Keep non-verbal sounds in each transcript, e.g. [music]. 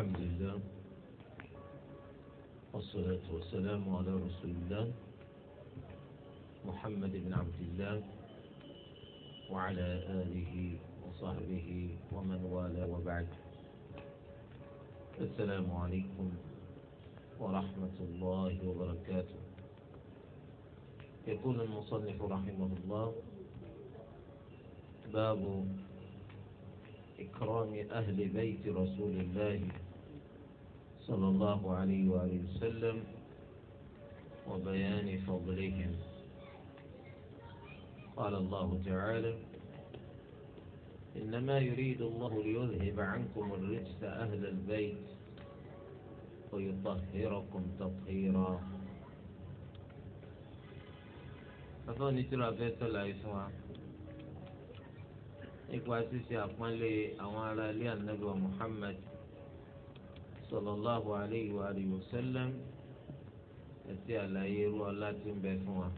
الحمد لله والصلاة والسلام على رسول الله محمد بن عبد الله وعلى آله وصحبه ومن والاه وبعد السلام عليكم ورحمة الله وبركاته يقول المصنف رحمه الله باب إكرام أهل بيت رسول الله صلى الله عليه وآله وسلم وبيان فضلهم قال الله تعالى إنما يريد الله ليذهب عنكم الرجس أهل البيت ويطهركم تطهيرا أفضل نترى بيت الله nípa ṣíṣe àpọ́nlé àwọn لي ilé ànábì wa صلى الله عليه وآله وسلم sallam àti àlàyé irú ọlá tí ń bẹ fún wa.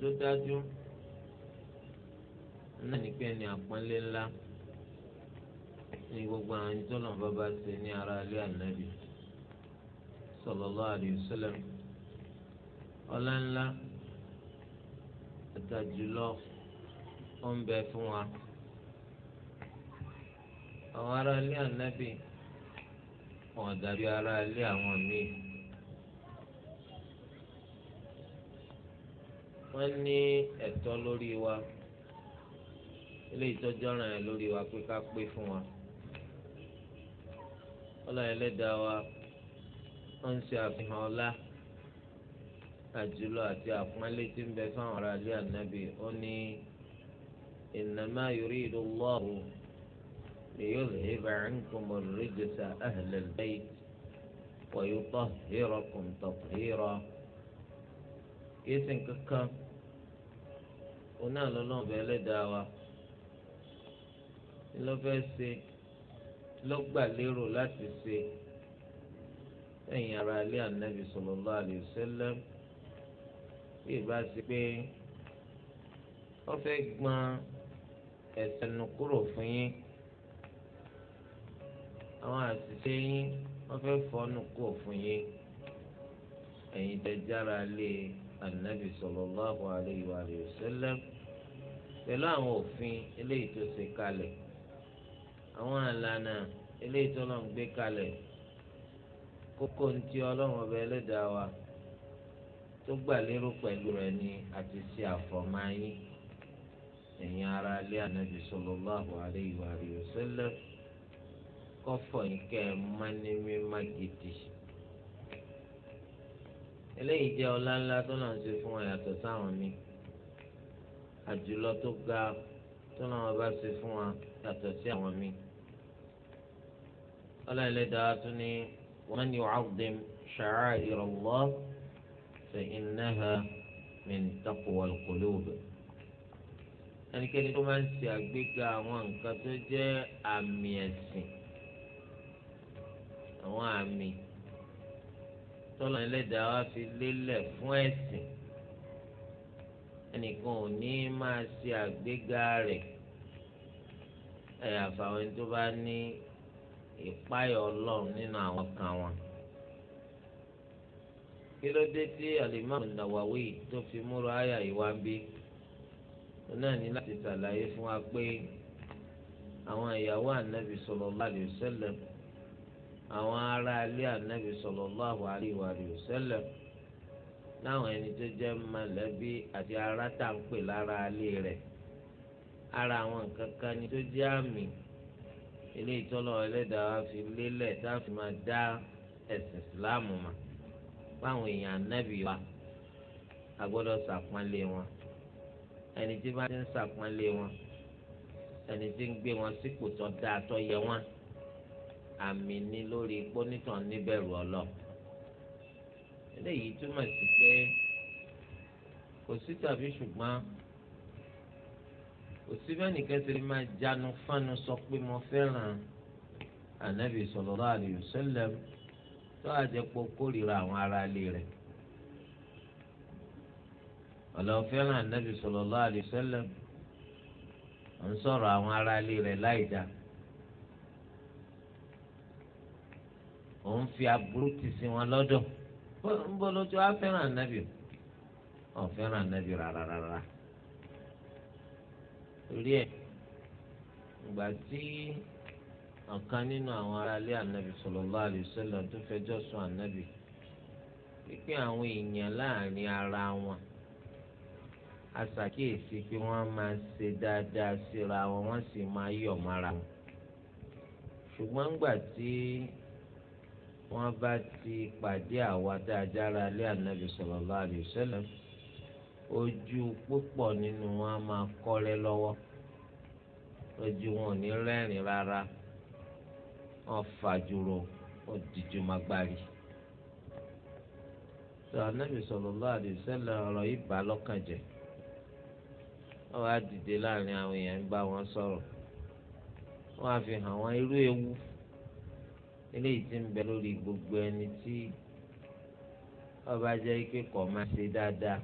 tó dájú náà ní pé ẹni àpọ́nlé ńlá ní gbogbo àwọn ẹni tó lọ́n bábá ṣe ní ara ilé ànábì sallallahu alayhi wa sallam ó ń bẹ fún wa àwọn ará ilé ànábì wọn dàbí ará ilé àwọn míì. wọ́n ní ẹ̀tọ́ lórí wa ilé ìtọ́jú ọ̀ràn ẹ̀ lórí wa pé ká pé fún wa ọlọ́run ẹlẹ́dàá wa ó ń ṣe àfihàn ọlá àjùlọ àti àpọ́nlé tí ń bẹ fáwọn ará ilé ànábì ó ní innama yuridu Allahu. ليذهب عنكم الرجس أهل البيت ويطهركم تطهيرا يسن ككم ونال الله بلداوة ló fẹ́ ṣe ló gbà lérò láti ṣe ẹ̀yìn ara ilé ànábì sallallahu alaihi wasallam bí ìbá ṣe pé wọ́n fẹ́ gbọ́n ẹ̀sẹ̀ nù kúrò fún yín. àwọn àṣìṣe yín wọ́n fẹ́ fọ́nù kó fún yín ẹ̀yin tẹ́ lé anabi sallallahu alayhi wa pẹ̀lú àwọn òfin eléyìí tó ṣe kalẹ̀ àwọn àlànà eléyìí tó gbé kalẹ̀ kókó ntí ọlọ́run ọba wa tó gbà lérò ni àti ṣe kọfọ nǹkan ẹ má ní mímá gidi eléyìí jẹ́ ọlá ńlá tó náà ń ṣe fún wa yàtọ̀ sáwọn mi àjùlọ tó ga tó náà bá ṣe fún wa yàtọ̀ sí àwọn mi ọlọ́ọ̀lẹ́dàá tún ní wa man yu'azzim sha'a'ir Allah fa innaha min taqwal qulub ẹnikẹ́ni tó máa ń ṣe àgbéga àwọn nǹkan tó jẹ́ àmì ẹ̀sìn àwọn àmì tọ́lọ́ ẹlẹ́dàá wa fi lélẹ̀ fún ẹ̀sìn ẹnìkan ò ní máa ṣe àgbéga rẹ̀ ẹ̀yà àfàwọn ẹni tó bá ní ìpáyọ̀ ọlọ́run nínú àwọn kan wọn. kí ló dé tí alimami Nawawi tó fi múra àyà ìwà bí náà ní láti ṣàlàyé fún wa pé àwọn ìyàwó ànábì sallallahu alaihi wasallam àwọn ará ilé ànábì sallallahu alaihi wa sallam láwọn ẹni tó jẹ́ mọ̀lẹ́bí àti ará tá à ń pè lára ilé rẹ̀ ara àwọn nǹkan kan ni tó jẹ́ àmì ilé ìtọ́lọ̀ ẹlẹ́dàá fi lélẹ̀ tá a fi máa dá ẹ̀sìn ìsìláàmù mà fáwọn èèyàn ànábì wa a gbọ́dọ̀ wọn ẹni tí bá ti ń ṣàpọ́nlé wọn ẹni tí ń gbé wọn sípò tó dáa tó yẹ wọn àmì ni lórí pọ́nítàn níbẹ̀rù ọlọ́ọ̀ eléyìí túmọ̀ sí pé kò sí tàbí ṣùgbọ́n kò sí bẹ́ẹ̀ nìkan ṣe máa jánu fánu sọ pé mo fẹ́ràn ànábì sallallahu alaihi wasallam tó àjẹpọ̀ kórìíra àwọn ará ilé rẹ̀ ọ̀lọ́ fẹ́ràn ànábì sallallahu alaihi wasallam ń sọ̀rọ̀ àwọn ará ilé rẹ̀ láì dáa. òun fi aburú ti sin wọn lọ́dọ̀ bó ló ti wá fẹ́ràn ànábì o wọn fẹ́ràn ànábì rárá rárá torí ẹ̀ ìgbà tí ọ̀kan nínú àwọn aráalé ànábì sallallahu alaihi wasallam tó fẹjọ́ sùn ànábì pípé àwọn èèyàn láàrin ara wọn aṣàkíyèsí pé wọ́n máa ṣe dáadáa síra wọn wọ́n sì máa yọ̀ mọ́ra wọn ṣùgbọ́n ńgbà tí wọ́n bá ti pàdé àwa tá a jára ilé ànábì sallallahu alaihi wasallam ojú púpọ̀ nínú wọn máa kọ́lé lọ́wọ́ ojú wọn ò ní rẹ́rìn rárá wọn fàjùrò ó dìjú magbárí. sọ ànábì sallallahu alaihi wasallam ọ̀rọ̀ yìí bá lọ́kàn jẹ́ wá dìde láàrin àwọn èèyàn ń bá wọn sọ̀rọ̀ wọ́n á fi irú ewu eléyìí ti ń bẹ lórí gbogbo ẹni tí ọba jẹ́ ike kọ̀ máa ṣe dáadáa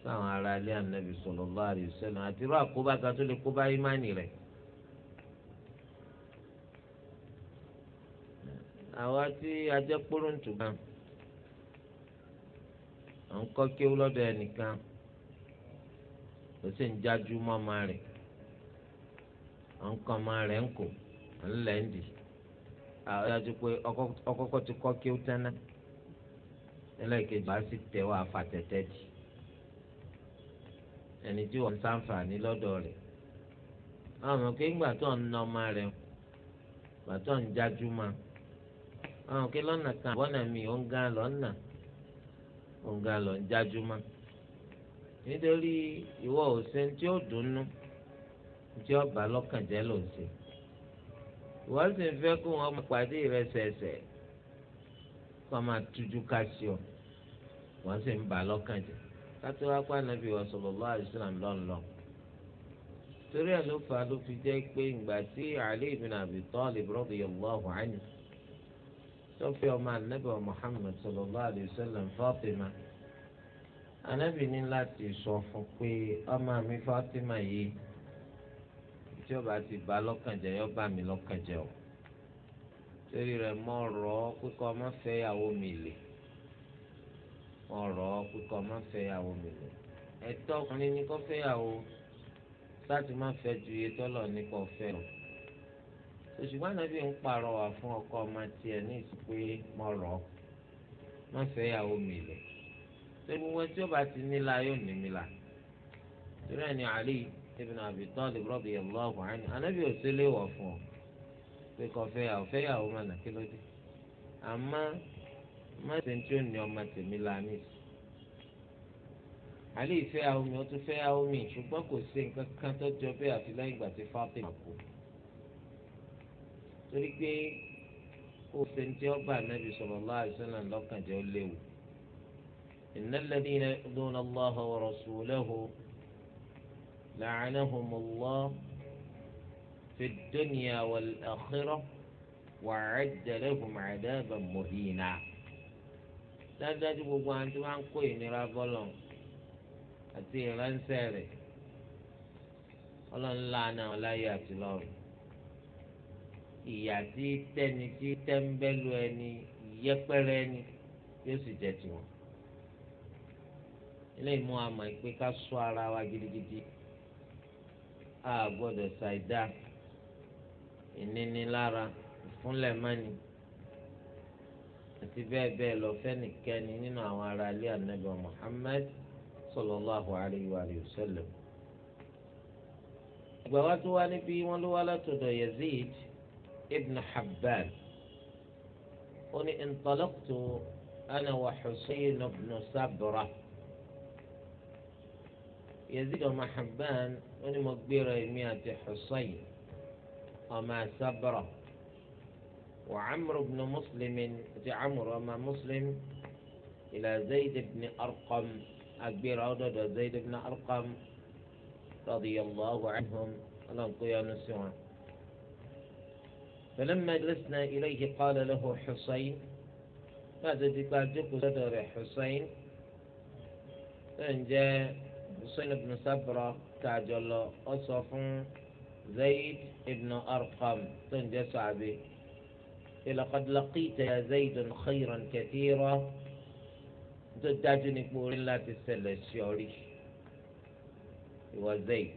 sáwọn ará ilé ànábì sallallahu alaihi wasallam àti irú àkóbá kan tó lè kóbá ìmánì rẹ̀. àwa tí a kpóròǹtù kan à ń kọ́ kéwú lọ́dọ̀ ẹnìkan ó ń jájú mọ́ ọmọ rẹ̀ à ń kọ́ ọmọ rẹ̀ ń kò ń lẹ́ńdì àdájú pé ọkọ̀kọ̀ ti kọ́ kí ó tẹ́ná ẹlẹ́ẹ̀kejì bá sì tẹ̀ wá fàtẹ̀tẹ̀ dì ẹni tí wọ́n ń sàǹfààní lọ́dọ̀ rẹ̀ àwọn kí ńgbà tó ń nà ọmọ rẹ̀ gbà tó ń jájú ma àwọn kí lọ́nà kan àbọ̀nà mi ò ń ga lọ́nà ò ń ga lọ́ ń jájú ma nítorí ìwọ òsè tí ó dùnnú tí ó bà lọ́kàn jẹ́ lòsè. wọ́n sì fẹ́ kó wọn pàdé rẹ sẹ̀sẹ̀ kó máa tuju ká ọ wọ́n sì ń bà lọ́kàn jẹ́ kátó wá pa nàbí lọ́nlọ́ torí ẹ̀ ló fà á ló fi jẹ́ pé ìgbà tí Ali ibn Abi tó fi ọmọ anabi wa Muhammad sallallahu Fatima anabi ní láti sọ fún pé ọmọ mi yìí. tí ọba ti bá lọ́kàn jẹ́ yọ bá mi lọ́kàn jẹ́ o torí rẹ̀ mọ̀ rọ̀ ọ́ pé kọ́ ọmọ fẹ́ ìyàwó mi lè mọ̀ rọ̀ ọ́ pé kọ́ ọmọ fẹ́ ìyàwó mi lè ẹ̀tọ́ ọkùnrin ni kọ́ fẹ́ ìyàwó láti má fẹ́ ju iye tọ́lọ̀ ní kọ́ fẹ́ lọ òṣùgbọ́n ànábì ń pàrọwà fún ọkọ ọmọ tiẹ̀ ní ìsìnkú mọ̀ rọ̀ ọ́ má fẹ́ ìyàwó mi lè torí wọn tí ọba ti nílá yóò ní mi là torí ẹni àlè yìí ibn Abi Talib radiyallahu anhu anábì òsèlè wọ̀ fún ọ pé kò fẹ́yàwó fẹ́yàwó mọ̀nà kí ló dé àmọ́ mọ́tò tí ó ní ọmọ tèmi lánì àlẹ́ ìfẹ́yàwó mi ó tún fẹ́yàwó mi ṣùgbọ́n kò sí nǹkan kan tó jọ bẹ́ẹ̀ àfi lẹ́yìn ìgbà tí Fatima kú torí pé kó o ọba anabi sallallahu alaihi wasallam lọ́kànjẹ́ ó léwu innal ladhina yu'dhuna Allaha لعنهم الله في الدنيا والآخرة وأعد لهم عذابا مهينا dájúdájú gbogbo àwọn tí wọn kó ìnira bọlọ àti ìránṣẹ́ rẹ̀ Ọlọ́run lànà wọn láyé àti lọ́run ìyà tí tẹni tí tẹ́ńbẹ́lú ẹni yẹpẹrẹ ẹni yóò sì jẹ tiwọn ilé ìmú àmọ́ ìpè ká ṣọ́ ara wa gidigidi. Gidi a gbọ́dọ̀ ṣàìdá ìnínilára ìfúnlẹ̀ mọ́ni àti bẹ́ẹ̀ bẹ́ẹ̀ lọ fẹ́nìkẹ́ni nínú àwọn ará ilé ànábì Muhammad sallallahu alayhi wa sallam. ìgbà wa tó wá níbí wọn ló wá látọ̀dọ̀ Yazid ibn Habban ó ní intalaqtu ana wa Husayn ibn Sabra Yazid ibn Habban. wọ́n ní mo gbéra èmi àti Husayn ọmọ asábọ̀rọ̀ wà Amr ibn Muslim àti Amr ọmọ Muslim ìlà Zayd ibn Arqam agbéra ọdọọdọ Zayd ibn Arqam radiyallahu anhum ọlọ́nkóyanu sí wọn. فلما جلسنا إليه قال له حسين بعد ذلك جلس حسين فإن جاء حسين بن صبرة تاجọ lọ ọ sọ fún زيد بن أرقم تنجى صعبي لقد لقيت يا زيد خيرا كثيرا تدعجني بقول لا تسلى الشعري وزيد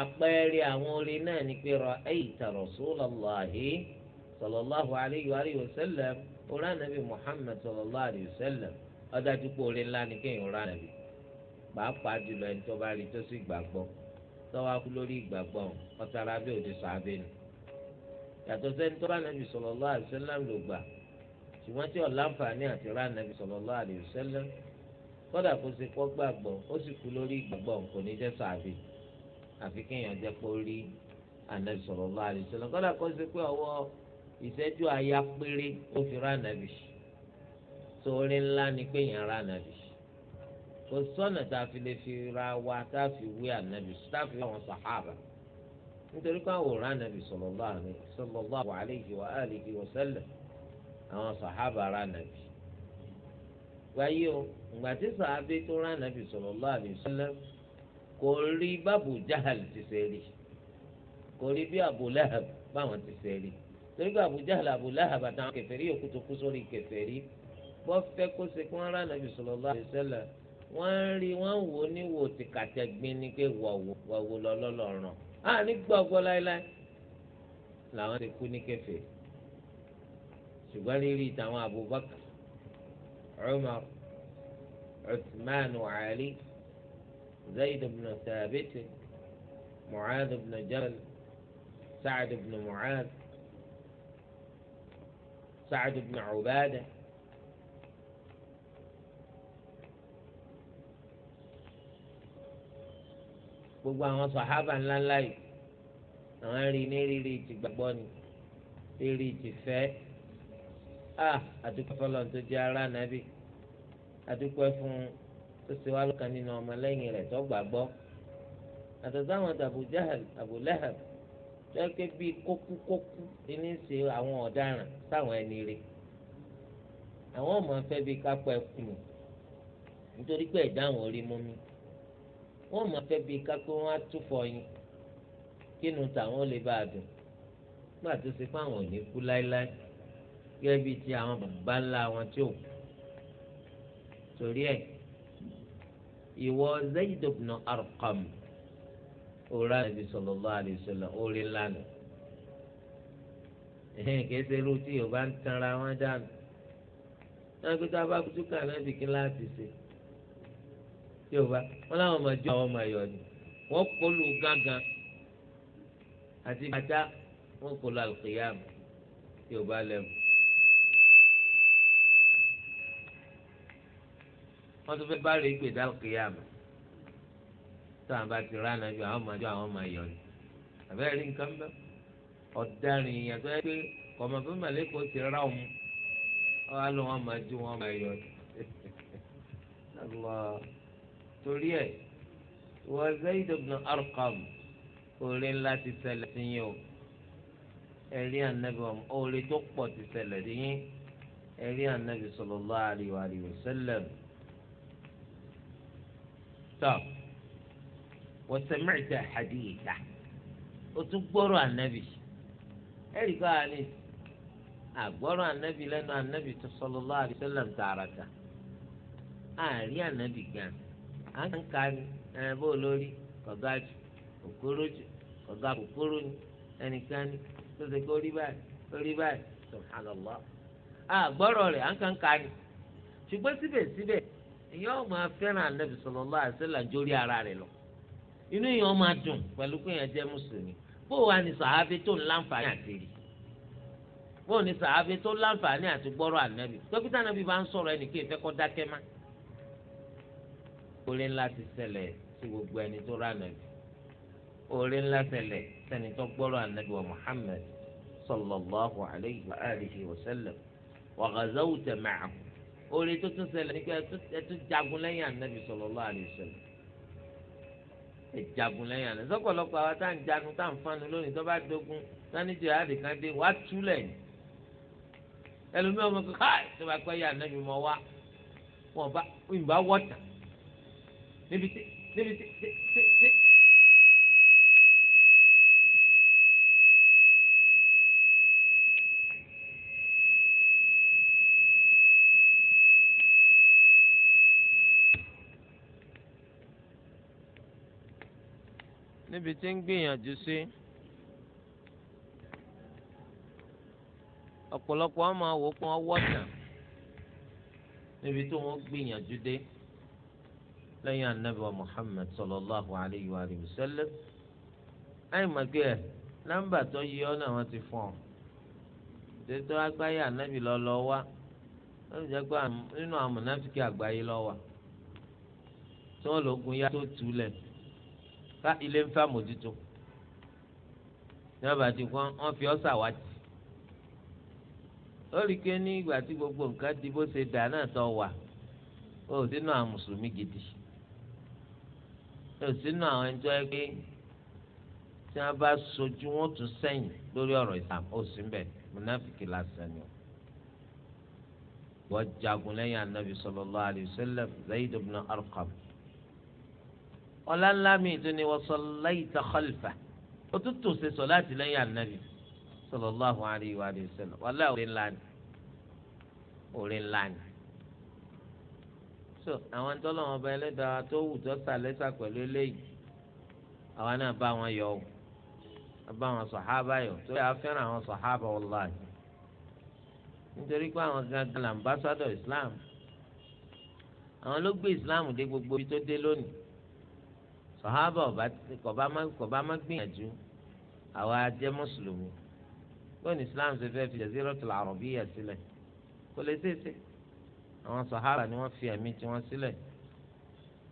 àpẹẹrẹ àwọn orin náà ni pé rọ ẹyìtà rọṣúlọláhi sọlọláhu alayhi wa sẹlẹm orí ànábì muhammed sọlọláhu alayhi wa sẹlẹm ọdájú pé orin ńlá ni kéèyàn rà nàbí pàápàá jùlọ ẹni tó bá rí tó sì gbàgbọ́ tọ́wá kú lórí ìgbàgbọ́ ọ̀tara bí òde sàábẹ́ ni. yàtọ̀ sẹ́ni tó bá nàbì sallallahu alaihi wasallam ló gbà ṣùgbọ́n tí ọ̀la ńfààní àti rà nàbì sallallahu alaihi wasallam kọ́dà kó ṣe kọ́ gbàgbọ́ ó sì kú lórí ìgbàgbọ́ kò ní jẹ́ sàábẹ́ àfi kéèyàn jẹ́ pé ó rí ànàbì sallallahu alaihi wasallam kọ́dà kó ṣe pé ọwọ́ ìṣẹ́jú àyà péré ó fi rà nàbì sí sórí ńlá ni pé yẹn ra nàbì kò sọ́nà tá a fi lè fi ra wa tá a fi wé ànàbì tá a fi àwọn sàhábà nítorí pé àwọn òrán ànàbì sallallahu alayhi wa alihi wa sallam àwọn sàhábà ra nàbì wáyé o ìgbà tí sàhábà tó ra nàbì sallallahu alayhi wa kò rí bábù jahal ti ṣe rí kò rí bí Abu báwọn ti ṣe rí torí pé Abu Jahal Abu Lahab àtàwọn kèfèrí kú sórí kèfèrí wọ́n fẹ́ kó ṣe kí wọ́n rà nàbì sallallahu alaihi wasallam wọ́n rí wọ́n wò ní wò tìkàtẹ́gbin ní pé wọ̀wọ̀ wọ̀wọ̀ lọ́lọ́lọ́ràn á ní gbọ̀gbọ́ láéláé làwọn ti kú ní kẹfẹ́ ṣùgbọ́n rírí ìtàwọn Abubakar Umar Uthman Ali Zayd ibn Thabit Mu'adh ibn Jabal Sa'd ibn Mu'adh Sa'd ibn Ubadah. gbogbo àwọn sọ̀hábà ńláńlá yìí àwọn rí ní rírì ti gbàgbọ́ ni rírì ti fẹ́ a àdúpẹ́ fọlọ́n tó jẹ́ ara nàbì àdúpẹ́ fún tó ṣe wá lọ́kàn nínú ọmọlẹ́yìn rẹ̀ tó gbàgbọ́ àtàtà àwọn Abu Jahal Abu Lahab lọ́kẹ́ bíi kókúkókú ní ṣe àwọn ọ̀daràn sáwọn ẹni rè àwọn ọmọ afẹ́ bíi kápẹ́ kùnú nítorí pé ẹ̀dá orí mú mi wọ́n mọ̀ fẹ́ bí kápẹ́ wọn á túfọ̀ yín kínú tàwọn lè bá a dùn nígbà tó ṣe fáwọn ò ní kú láéláé gẹ́gẹ́ bíi ti àwọn bàbá ńlá wọn tí ò torí ẹ̀ ìwọ Zayd ibn òrà nàbì sallallahu alaihi wasallam orí lánàá ẹ̀hìn kìí ṣe irú tí yorùbá ń tanra wọn dànù náà pé tá a bá kú túkà náà bìkín láti ṣe yorùbá wọn làwọn ọmọ ìjọ àwọn ọmọ ẹ̀yọ̀ ni wọn kọlu gángan àti bàtà wọn kọlu alùkìyàm yorùbá lẹ́mu. wọn tún fẹ́ bá rèé pè dálùkìyàm táwọn bá ti rán ànájọ àwọn ọmọ ìjọ àwọn ọmọ ẹ̀yọ̀ ni àbẹ́rẹ́ rí nǹkan bẹ́ẹ̀ ọ̀daràn èèyàn tó yẹ pé kọ̀mọ̀ fún mọ̀lẹ́kọ̀ọ́ ti rà ọ̀mù ọ̀ á máa jó wọn máa yọ ọ́ [laughs] torí ẹ̀ wọ Zayd ibn Arqam orí ńlá ti ṣẹlẹ̀ sí yín o ẹ̀rí ànábì orí tó pọ̀ ti ṣẹlẹ̀ sí yín ẹ̀rí ànábì sallallahu alaihi wa sallam. tọ́ wọ́n sami'ta haditha o tún gbọ́rọ̀ ànábì ẹ̀rí kọ́ àní àgbọ́rọ̀ ànábì lẹ́nu ànábì sallallahu alaihi wa sallam tààràtà àárí ànábì gan à ń ka ni ẹ bó lórí kọ̀gá jù kòkòrò jù kọ̀gá kòkòrò ni ẹnìkan ni tó ṣe kó rí báyìí rí báyìí subhanallah à ka ni ṣùgbọ́n síbẹ̀síbẹ̀ ara rẹ lọ inú èèyàn máa dùn pẹ̀lú pé jẹ́ mùsùlùmí bó tó ń láǹfààní àti rí bó tó orí ńlá ti ṣẹlẹ̀ sí gbogbo ẹni tó rà nàbì orí ńlá ṣẹlẹ̀ sẹ́ni tó gbọ́rọ̀ ànábì wa Muhammad sallallahu alayhi wa alihi wa sallam wa ghazawta ma'ahu orí tó tún ṣẹlẹ̀ nígbà ẹ tún jagun lẹ́yìn ànábì sallallahu alayhi wa sallam ẹ jagun lẹ́yìn ànábì sọ́pọ̀lọpọ̀ àwọn tá à ń jagun tá à ń fanu lónìí tó bá dogun sani jihadi kan dé wàá túlẹ̀ ni ẹlòmíràn mọ̀ kọ́ káì tó bá pẹ́ yà ànábì mọ̀ wá wọn bá ìbá wọ̀tàn níbi tí níbi tí tí tí. níbi tí ń gbìyànjú sí ọ̀pọ̀lọpọ̀ ọmọ àwòkọ́ wọ́tà níbi tí wọ́n gbìyànjú dé. lẹ́yìn anabi wa muhammed sallallahu alayhi wa sallam àìmọ̀gbé ẹ̀ nọ́mbà tó yí ọ́ náà wọ́n ti fún tètè agbáyé anabi lọ́lọ́ wá lọ́dún jẹ́ pé nínú àwọn mọ̀nàfíkì tí wọ́n lọ gun yá tó tù lẹ̀ ká ilé ń fi ọ́ wati? lórí ké ní gbogbo nǹkan di bó ṣe dà náà tó wà ó sínú yóò sínú àwọn ẹni tó yẹ pé tí wọ́n bá sojú wọn tún sẹ́yìn lórí ọ̀rọ̀ Islam ó sì ń bẹ munafiki lásán ni o wọ́n jagun lẹ́yìn anabi sallallahu alayhi wa sallam Zayd ibn Arqam ọ̀lànlá mi tún ni wọ́n sallaita khalfa ó tún tò ṣe sọ láti lẹ́yìn anabi sallallahu alayhi wa sallam wàlá òrè ńlá ni òrè ńlá ni so àwọn tọ́lọ́wọ́n bá ẹlẹ́dàá tó wù tó sàlẹ́sà pẹ̀lú eléyìí àwa náà bá wọn yọ ọ́ abá àwọn sọ̀hábà yọ tó yà á fẹ́ràn àwọn sọ̀hábà wallahi nítorí pé àwọn gangan làǹbásádọ̀ Islam àwọn ló gbé Islam dé gbogbo ibi tó dé lónìí sọ̀hábà kọ̀bá má gbìyànjú àwa jẹ́ mùsùlùmí lónìí Islam ṣe fẹ́ fi Jaziratul Arabiyya sílẹ̀ kò lè ṣeé ṣe àwọn sahaba ni wọ́n fi ẹ̀mí tí wọ́n sílẹ̀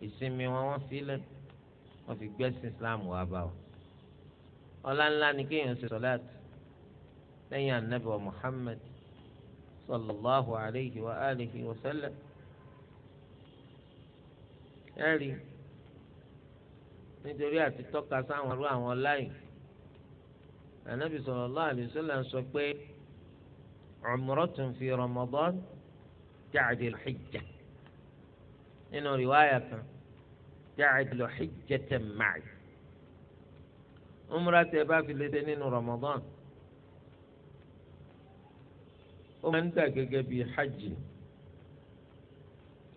ìsinmi wọn wọ́n sílẹ̀ wọ́n fi gbẹ́sìn islam wá bá wọn. ọlá ńlá ni kéèyàn ṣe sọláàtì lẹ́yìn anabi wa muhammed sallallahu alayhi wa alihi wa sallam. ẹ̀rí nítorí àti tọ́ka sáwọn irú àwọn láì anabi sallallahu alayhi wa sallam sọ pé umratun fi ramadan. تعدل الحجة، إنه رواية تعدل حجة معي عمرة تبا في لدنين رمضان ومن تاكك حج،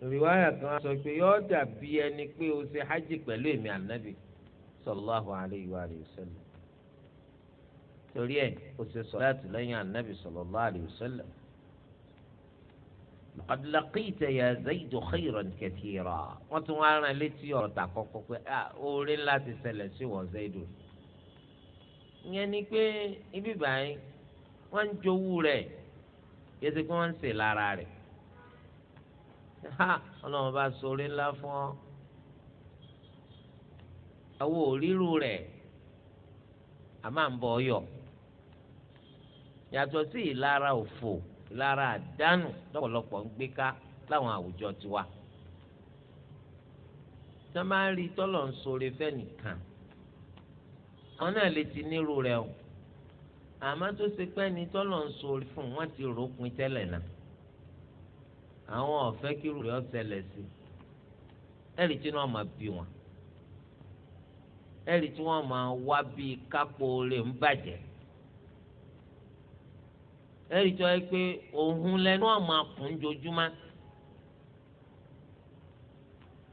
رواية كان سوكي يودا بياني كي وسي بلوي مع النبي صلى الله عليه وآله وسلم تريد وسي صلاة لين النبي صلى الله عليه وسلم qad laqita ya zaidu khayran kathira wọ́n tún wá rán létí ọ̀rọ̀ tà kọ́kọ́ pé oore ńlá ti ṣẹlẹ̀ sí wọ́n zaidu. ìyẹn ni pé ibi báyìí wọ́n ń jowú rẹ̀ yẹtí pé wọ́n ń sè lára rẹ̀. ọlọ́run bá sọ oore ńlá fún ọ. àwọn òrírù rẹ̀ a máa ń bọ̀ ọyọ̀ yàtọ̀ sí ìlara òfò. Si lára àdánù lọ́pọ̀lọpọ̀ ń gbé ká láwọn àwùjọ tiwa. tí wọ́n máa ń rí tọ́lọ̀ ń sọre fẹ́nìkan àwọn náà lè ti nírú rẹ̀ o àmọ́ tó ṣe pé ní tọ́lọ̀ ń sọre fún wọn ti ròpin tẹ́lẹ̀ náà àwọn ọ̀fẹ́ kírú rẹ̀ ọ̀sẹ̀lẹ̀ sí ẹ̀rí tí wọ́n máa bí wọn ẹ̀rí tí wọ́n máa wá bíi kápò rẹ̀ ń bàjẹ́ ẹ̀rí tó yẹ pé òun lẹ́nu àmọ́ àpò ń jojúmọ́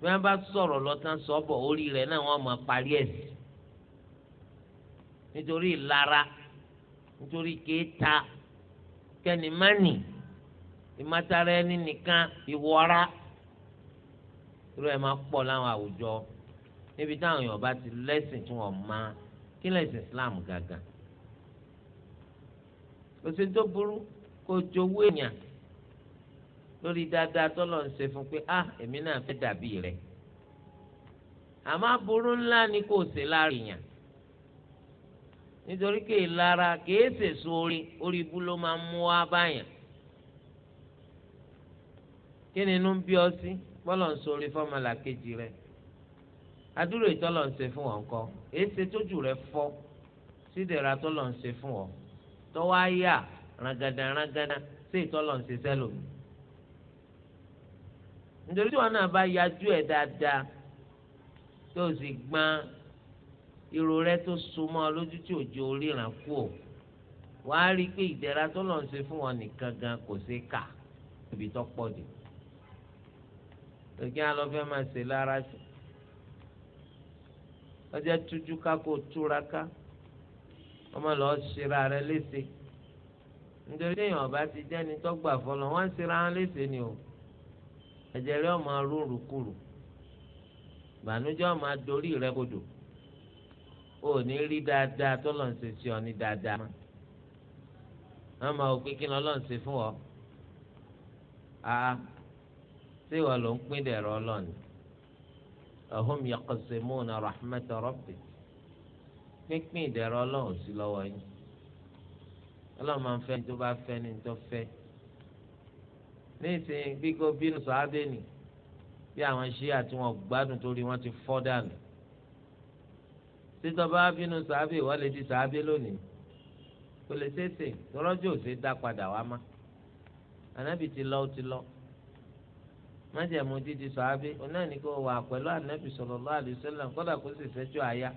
bí wọ́n bá sọ̀rọ̀ lọ́tàn sọ́bọ̀ orí rẹ̀ náà wọ́n máa parí ẹ̀ sí nítorí ìlara nítorí kéèta kẹ́nìmánì ìmátara ẹni nìkan ìwọ́ra irú ẹ̀ máa pọ̀ láwọn àwùjọ níbi táwọn èèyàn bá ti lẹ́sìn tí wọ́n máa kí Islam gàgàn òsè tó burú kó jowó èèyàn lórí dáadáa tọ́lọ̀ ń ṣe fún pé ah èmi náà fẹ́ dàbí rẹ̀ àmọ́ aburú ńlá ni kò ṣe lára èèyàn nítorí kì í lára kìí sèso orí orí ibú ló máa ń mú wá báyàn kí ni inú ń bí ọ sí bọ́lọ̀ ń sori fọ́mọlà kejì rẹ̀ adúrò ìtọ́lọ̀ ń ṣe fún ọ̀ ńkọ́ èé ṣe tójú rẹ̀ fọ́ sídẹ̀ẹ́ra tọ́lọ̀ ń ṣe fún ọ̀ tọ́wọ́ ayá rangada rangada sí ìtọ́lọ̀ ń ṣiṣẹ́ lòmí. nítorí tí wọn náà bá yajú ẹ̀ dáadáa tó sì gbọ́n irú rẹ tó súnmọ́ lójú tí òjò ríran kú ò wàá rí i pé ìdẹ̀ra tọ́lọ̀ ń ṣe fún wọn nìkan gan kò ṣe kà níbi tó pọ̀ dé. ògì àlọ́ máa ṣe lára sí ká kó túra ká. ọmọ lọ ṣera rẹ léṣe nítorí téèyàn ọba ti jẹ́ni tọ́gbà fọlọ́ wọ́n ń ṣera wọn léṣe ni o ẹ̀jẹ̀ rẹ ọmọ rúrukúrú ìbànújẹ́ ọmọ adorí rẹ kodò ò ní rí dáadáa tó lọ́n ṣe sí ọ ní dáadáa mọ́ wọ́n máa kí ni ọlọ́run ṣe fún ọ àá ṣé ìwọ ló ń pín dẹ̀rọ ọlọ́run ọ̀hún yaqsimuna rahmata rabbik pínpín ìdẹ̀rọ̀ ọlọ́run sí lọ́wọ́ yín ọlọ́run máa ń fẹ́ ní tó bá fẹ́ ní tó fẹ́ ní ìsìn gbígbó bínú sọ́ádẹ́nì bí àwọn ṣíà tí wọ́n gbádùn torí wọ́n ti fọ́ dànù títọ́ba bínú sàábẹ̀ wọ́n lè di sàábẹ̀ lónìí kò lè ṣeéṣe tọ́lọ́jú ò ṣe dá padà wá má ànábì ti lọ ó ti lọ májèmú dídí sàábẹ̀ onáà ní kó wà pẹ̀lú ànábì sallallahu alaihi wasallam kódà kó sì fẹ́jọ́ àyà.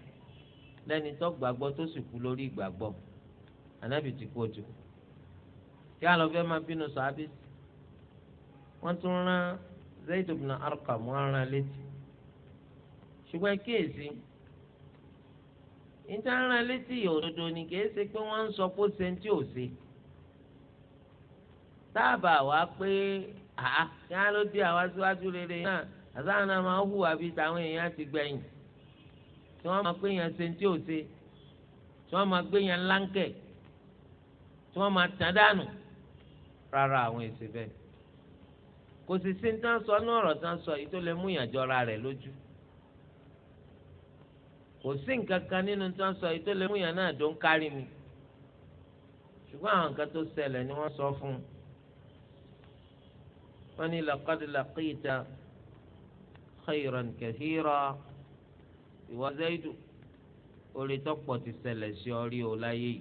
lẹ́ni tó gbàgbọ́ tó sì kú lórí ìgbàgbọ́ ànábì ti kú ojú tí a lọ máa bínú sàábì wọ́n tún rán Zayd ibn Arqam mọ rán létí ṣùgbọ́n kíyèsí ìtara létí òdodo ni kìí ṣe pé wọ́n ń sọ pé sẹ́ńtì ò ṣe táàbà wá pé àá kí á ló dé àwa rere náà àtàwọn náà máa hùwà bíi èèyàn ti tí wọ́n máa gbé yẹn ṣe tí ò máa gbé yẹn tí wọ́n máa tàn dànù rárá àwọn èsì bẹ́ẹ̀ kò sì sí tán sọ ní ọ̀rọ̀ tán sọ yìí tó lè mú yàn jọra rẹ̀ lójú kò sí nǹkan kan nínú tán sọ yìí tó lè mú yàn náà dó ń kárí mi ṣùgbọ́n àwọn nǹkan tó ṣẹlẹ̀ ni wọ́n sọ fún un wọ́n ní laqad laqita khayran kathira ìwọ zaidu orí tọpọ ti ṣẹlẹ̀ sí ọ rí o láyé yìí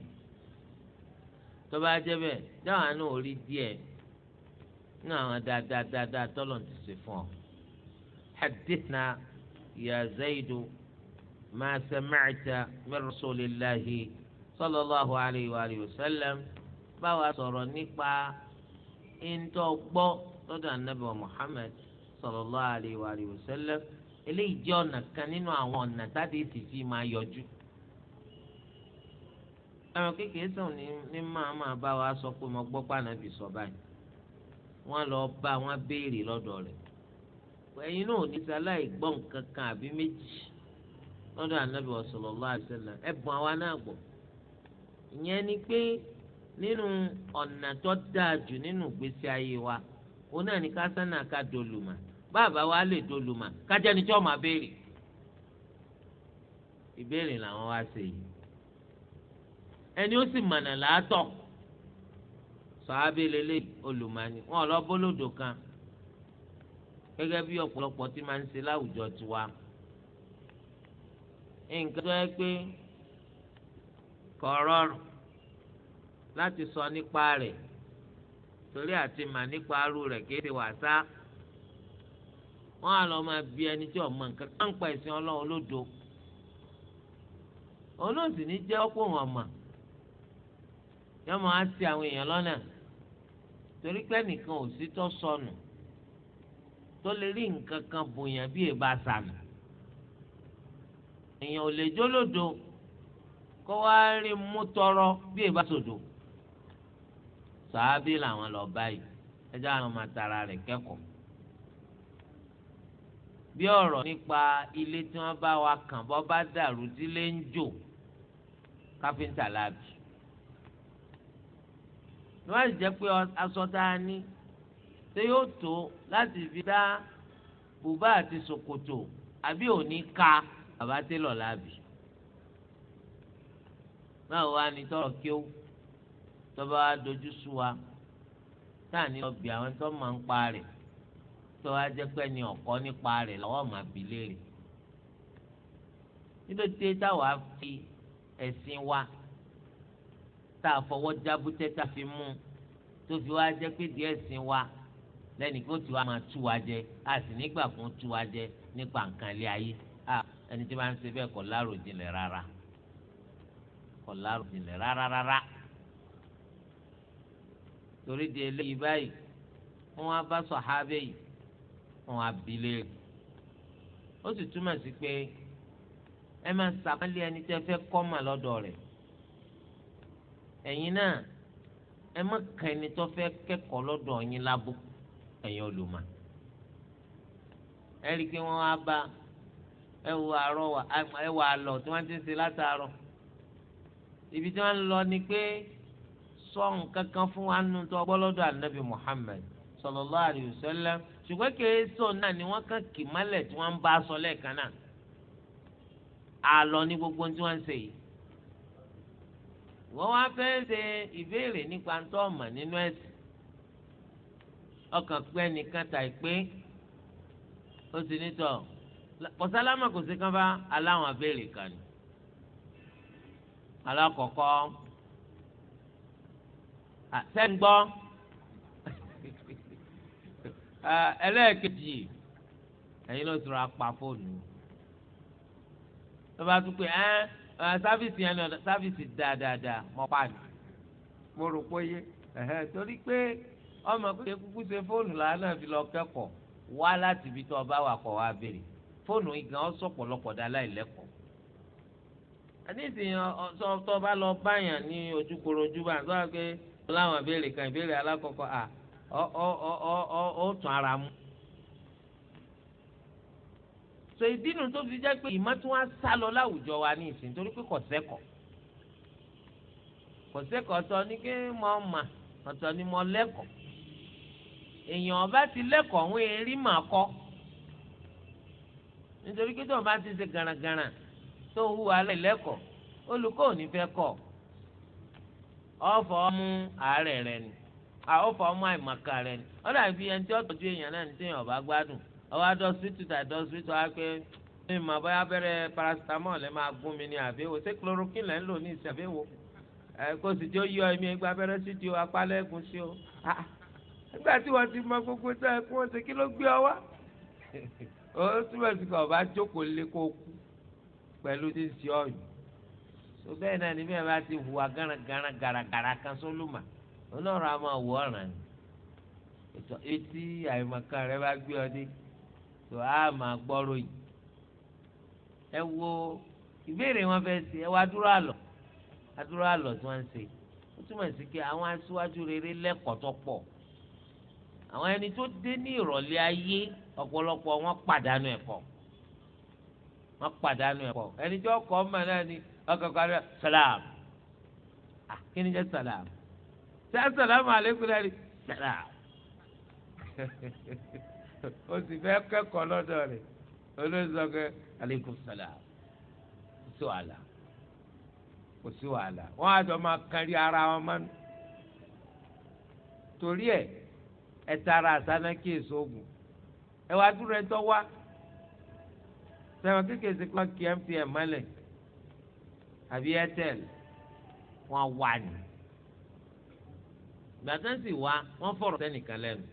tó bá jẹ́ bẹ́ẹ̀ dáhà náà orí díẹ̀ nínú àwọn dáadáa tọ́lọ̀ ti ṣe fún ọ. hadithna ya zaidu ma sami'ta min rasulillahi sallallahu alayhi wa alihi wa sallam báwa sọ̀rọ̀ nípa ìntọ́ lọ́dọ̀ anabi wa muhammad sallallahu alayhi wa alihi wa sallam. eléyìí jẹ́ ọ̀nà kan nínú àwọn ọ̀nà táde sì fi máa yọjú. ẹran kékeré sàn ní ní máa máa bá wa sọ pé mo gbọ́ pànàbì sọ báyìí wọ́n lọ bá wọn béèrè lọ́dọ̀ rẹ̀ ẹ̀yin náà ò ní sáláì gbọ́ nǹkan kan àbí méjì lọ́dọ̀ ànábì sallallahu alaihi wasallam ẹ̀bùn àwa náà gbọ́ ìyẹn ni pé nínú ọ̀nà tó dáa jù nínú ìgbésí ayé wa òun náà ní ká sánà ká dolùmọ̀ bàbá wa lè dolùmọ̀ kájẹ́ni tí wọ́n máa béèrè ìbéèrè làwọn wá ṣe yìí ẹni ó sì mọ̀nà láàtọ̀ sọ́ábí lélẹ̀ olùmọ̀ni wọn ò lọ bólódò kan gẹ́gẹ́ bí ọ̀pọ̀lọpọ̀ tí máa ń ṣe láwùjọ tiwa nǹkan tó yẹ pé kò láti sọ nípa rẹ̀ torí àti mà nípa aró rẹ̀ kéde wàsá wọ́n á lọ máa bí ẹni tí ọmọ nǹkan kan ń pa ẹ̀sìn ọlọ́run lódo olóòtú ní jẹ́ ọ̀pọ̀ wọn mà yọ máa ṣe àwọn èèyàn lọ́nà torí pé nìkan ò sí tó sọnù tó lè rí nǹkan kan bòyàn bí èèbá sànù èèyàn ò lè jólódo kó wá rí mú tọrọ bí èèbá sòdò sàábì làwọn lọ báyìí ẹjọ́ àwọn máa tara rẹ̀ kẹ́kọ̀ọ́ bí ọ̀rọ̀ nípa ilé tí wọ́n bá wa kàn bọ́ bá dàrú dílé ń jò káfíńtà láàbì. níwájú jẹ́ pé aṣọ tá a ní ṣé yóò tó láti fi dá bùbá àti ṣòkòtò àbí òní ka bàbá télọ̀ láàbì. báwo wá ní tọrọ kí ó tọba dojú sú wa táà ní lọ àwọn tó máa ń pa rẹ̀ tó wá jẹ́ pé ẹni ọ̀kọ́ nípa rẹ̀ lọ́wọ́ máa bi léèrè nítorí táwa fi ẹ̀sìn wa tá a fọwọ́ jábútẹ́ tá a fi mú tó fi wá jẹ́ pé díẹ̀ ẹ̀sìn wa lẹ́nìkan tí wàá máa tú wa jẹ a sì nígbà kan tú wa jẹ nípa nǹkan ilé ayé a ẹni tí wàá ń ṣe bẹ́ẹ̀ kọ́ láròjinlẹ̀ rárá kọ́ láròjinlẹ̀ rárá rárá torí di eléyìí báyìí wọ́n wá bá sọ̀hábẹ́ yìí. fún abilé ó sì túmọ̀ sí pé ẹ máa ṣàpọ́nlé ẹni tẹ́ fẹ́ kọ́ mà lọ́dọ̀ rẹ̀ ẹ̀yin náà ẹ má ka ẹni tó fẹ́ kẹ́kọ̀ọ́ lọ́dọ̀ yín lábò ẹ̀yin olùmọ̀ ẹ rí i pé wọ́n á bá àárọ̀ àlọ́ tí ti ń ibi tí wọ́n ń lọ ni pé sọ kankan fún wa nù tó gbọ́ lọ́dọ̀ ànábì ṣùgbọ́n kéésọ̀ náà ni wọ́n kàn kì mọ́lẹ̀ tí wọ́n ń bá a sọ lẹ́ẹ̀kan náà àlọ́ ni gbogbo tí wọ́n ń ṣe yìí wọ́n wá fẹ́ ṣe ìbéèrè nípa tó ọ̀mọ̀ nínú ẹ̀sìn ọkàn pé ẹnìkan tà pé ó sì ní tọ̀ kọ̀sálámà kò sí kan bá aláwọn abéèrè kan ni alákọ̀ọ́kọ́ àtẹ́ńgbọ́n ẹlẹ́ẹ̀kejì ẹ̀yin ló sọ̀rọ̀ apá fóònù lọ́ba tún pé ẹ́ sáfìsì yẹn ni sáfìsì dáadáa mọ́ pàdé mo rò pé yé torí pé ọmọ pé kúkú ṣe fóònù làánà fi lọ kẹ́kọ̀ọ́ wá láti ibi tó ọba wà kọ́ wá béèrè fóònù igan ọ̀sọ̀ pọ̀lọpọ̀ dá láìlẹ́kọ̀ọ́ àdéhìsìyàn ọ̀sọ̀ tó ọba lọ báyàn ní ojúkorojú bá ń sọ wá pé láwọn béèrè kan ìbéèrè alákọ̀ọ́kọ́ à ọ ọ ọ ọ ọ tún ara mu. sọ ìdínú tó fi jẹ́ pé ìmọ̀ tí wọ́n á sá lọ láwùjọ wa ní ìsìn torí pé kọ̀sẹ́kọ̀ kọ̀sẹ́kọ̀ ọ̀tọ̀ ní kí mo mà ọ̀tọ̀ ni mo lẹ́kọ̀ọ́ èèyàn ọba ti lẹ́kọ̀ọ́ òun èrí mà kọ́ nítorí pé tó o bá ti ṣe garagara tó ń hùwà lẹ́kọ̀ọ́ olùkọ́ ò ní fẹ́ kọ́ ọ fọ́ mú àárẹ̀ rẹ ni àwòfà ọmọ àìmọ̀kà rẹ ni ọ̀dà àbí ẹni tí ọ̀tọ̀jú èèyàn náà ní téèyàn ọ̀bá gbádùn ọwọ́ adọ́sítù tàdọ́sítù á pé ní ìmọ̀ bá abẹ́rẹ́ paracetamol lẹ́ máa gún mi ní àbẹ́wò ṣé chloroquine lẹ́ ń lò ní ìṣàbẹ́wò kó sì tí ó yọ ẹ̀mí ẹgbẹ́ abẹ́rẹ́ sí ti o apálẹ́gùn sí o nígbà tí wọ́n ti mọ gbogbo tó ẹ kún ọ̀sẹ̀ kí ló gbé ọ wá ó túbọ̀ sí kọ́ ọba jókòó lé kó kú pẹ̀lú tí ń ṣe ọ̀yọ́ tó bẹ́ẹ̀ náà níbẹ̀ bá ti onọrọ a máa wọ ọ̀ràn ni etí àyèmọkàn rẹ bá gbé ọ dé tó a máa gbọ́rọ̀ yìí ẹ wo ìbéèrè wọn fẹẹ ṣe ẹ wá dúró àlọ adúró àlọ tí wọn ń ṣe ó túmọ̀ sí pé àwọn aṣíwájú rere lẹ́kọ̀ọ́ tó pọ̀ àwọn ẹni tó dé ní ìrọ̀lẹ́ ayé ọ̀pọ̀lọpọ̀ wọn pàdánù ẹ̀kọ́ wọn pàdánù ẹ̀kọ́ ẹni tó kọ́ ọmọ náà ni ọkọ̀ kọ́ sàlám ah, kí ni jẹ́ sàlám ṣé asàlámù alẹ́kùn náà rí sàlá o sì fẹ́ kẹ́kọ̀ọ́ lọ́dọ̀ rẹ̀ olóòzọ kẹ́ alẹ́kùn sàlá kò sí wàhálà kò sí wàhálà wọ́n á jọ máa kárí ara wọn mọ́nu torí ẹ̀ ẹ tara àsánà kí èso oògùn ẹ wá dúró ẹ wá sẹ́wọ̀n kékeré sí kí MTN mọ́lẹ̀ àbí Airtel wọ́n wà ní gbàtàn sì wọ́n fọ̀rọ̀ sẹ́nìkan lẹ́nu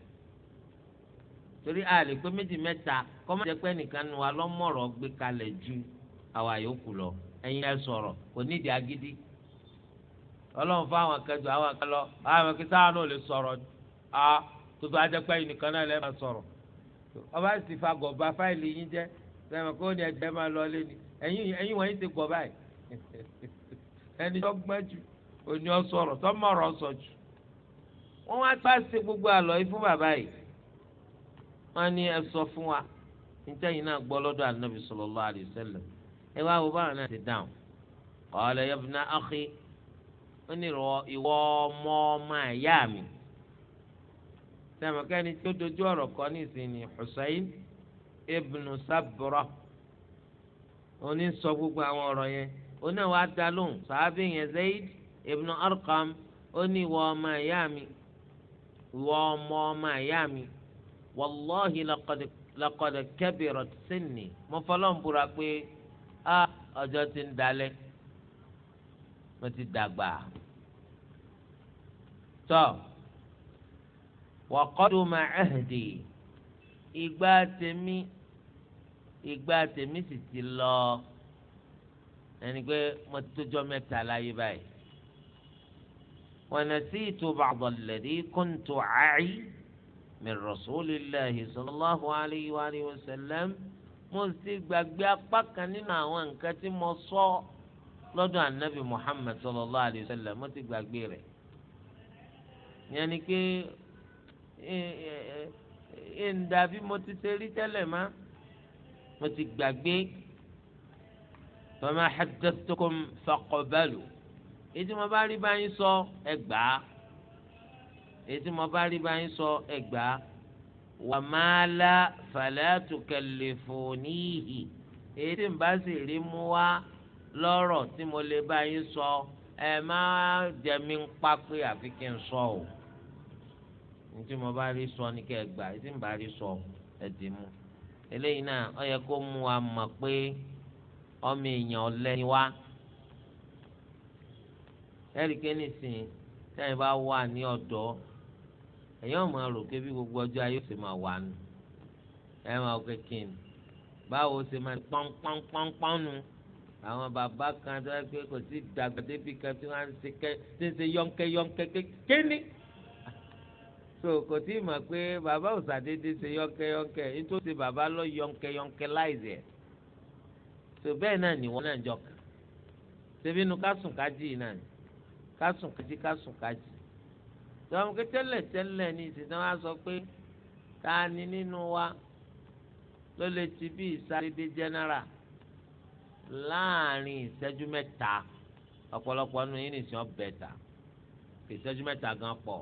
torí a lè pé méjì mẹ́ta kọ́mọ́ jẹ́ pé nìkan nu wa lọ́mọ̀rọ̀ gbé kalẹ̀ ju àwa yòókù lọ ẹ̀yin ẹ sọ̀rọ̀ kò nídìí agídí ọlọ́run fún àwọn akẹ́jọ àwọn akẹ́ lọ àwọn akẹ́ sáà náà lè sọ̀rọ̀ a nìkan náà lè sọ̀rọ̀ ọba sì fa fáìlì yín jẹ́ kó ní máa lọ lé ni ẹ̀yin wọ̀nyí ti gọ̀ọ̀bà yìí [laughs] ẹni tó gbẹ́ òní ọ sọ̀rọ̀ tó wọ́n wá gbá ṣe gbogbo àlọ́ yìí fún bàbá yìí wọ́n ní ẹ sọ fún wa níjẹ́yìn náà gbọ́ lọ́dọ̀ ànábì sallallahu alaihi wasallam ẹ wá wo báwọn náà ti dáhùn qala ya ibna akhi ó ní ìwọ ọmọ ọmọ ẹ̀yà mi sẹ́mọ̀kẹ́ni tó dojú ọ̀rọ̀ kọ ní ìsìnì Husayn ibn Sabra oní sọ gbogbo àwọn ọ̀rọ̀ yẹn oní àwọn adalóhùn sàábì yẹn Zayd ibn Arqam ó ní ìwọ ọmọ ẹ̀yà mi ìwọ ọmọ ọmọ àyà mi wàlọ́hì lakọ̀dẹ̀ kẹ́bìrọ̀ sínì mo fọlọ́n búra pé a ọjọ́ ti ń dalẹ̀ mo ti dàgbà tọ́ wàkọ́dù mà ẹ̀hìndì ìgbà tèmi ìgbà tèmi sì ti lọ ẹni pé mo tójọ́ mẹ́ta láyé báyìí. ونسيت بعض الذي كنت أعي من رسول الله صلى الله عليه وآله وسلم mo sì gbàgbé apá kan nínú àwọn nǹkan tí mo sọ lọ́dọ̀ anabi muhammed sallallahu alayhi wa sallam mo ti gbàgbé rẹ̀ yẹn ni pé ǹda bí mo ti ṣe rí tẹ́lẹ̀ má mo ti gbàgbé fama haddathukum faqbalu. ètí mo bá rí báyìí sọ ẹgbàá ètí mo bá rí báyìí sọ ẹgbàá wà máa la fàlàtù n bá sì rí mú lọ́rọ̀ tí mo lè báyìí sọ ẹ má jẹ mí ń sọ o ètí mo bá rí sọ ní kẹgbà ètí n bá rí sọ ẹ dì mú eléyìí náà yẹ kó ẹ̀ríkẹ́ nìsín tẹ́yìn bá wà ní ọ̀dọ́ ẹ̀yìn ọ̀mọ rò pé bí gbogbo ọjọ́ ayé ṣe máa wà nù ẹ̀ máa wọ kékin báwo ṣe máa pọ́npọ́npọ́npọ́n nu àwọn bàbá kan tó yẹ pé kò sí dàgbà débi kan tí wọ́n á ṣe ń ṣe yọ́nkẹ́ kékeré so kò tí ì mọ̀ pé bàbá òsàdédé ṣe yọ́nkẹ́ yọ́nkẹ́ nítorí bàbá lọ yọ́nkẹ́ láìsẹ̀ so bẹ́ẹ̀ náà ni wọ́n náà jọ kàn ṣebí inú ká sùn ká jì náà ni kásùn kájí kásùn kájí tọ́wọ́n pé tẹ́lẹ̀ tẹ́lẹ̀ ní ìsìn náà sọ pé ta ni nínú wa ló lè ti bí ìsárédé jẹ́nẹ́rà láàrin ìṣẹ́jú mẹ́ta ọ̀pọ̀lọpọ̀ nínú yín nìsín ọbẹ̀ ta ìṣẹ́jú mẹ́ta gan pọ̀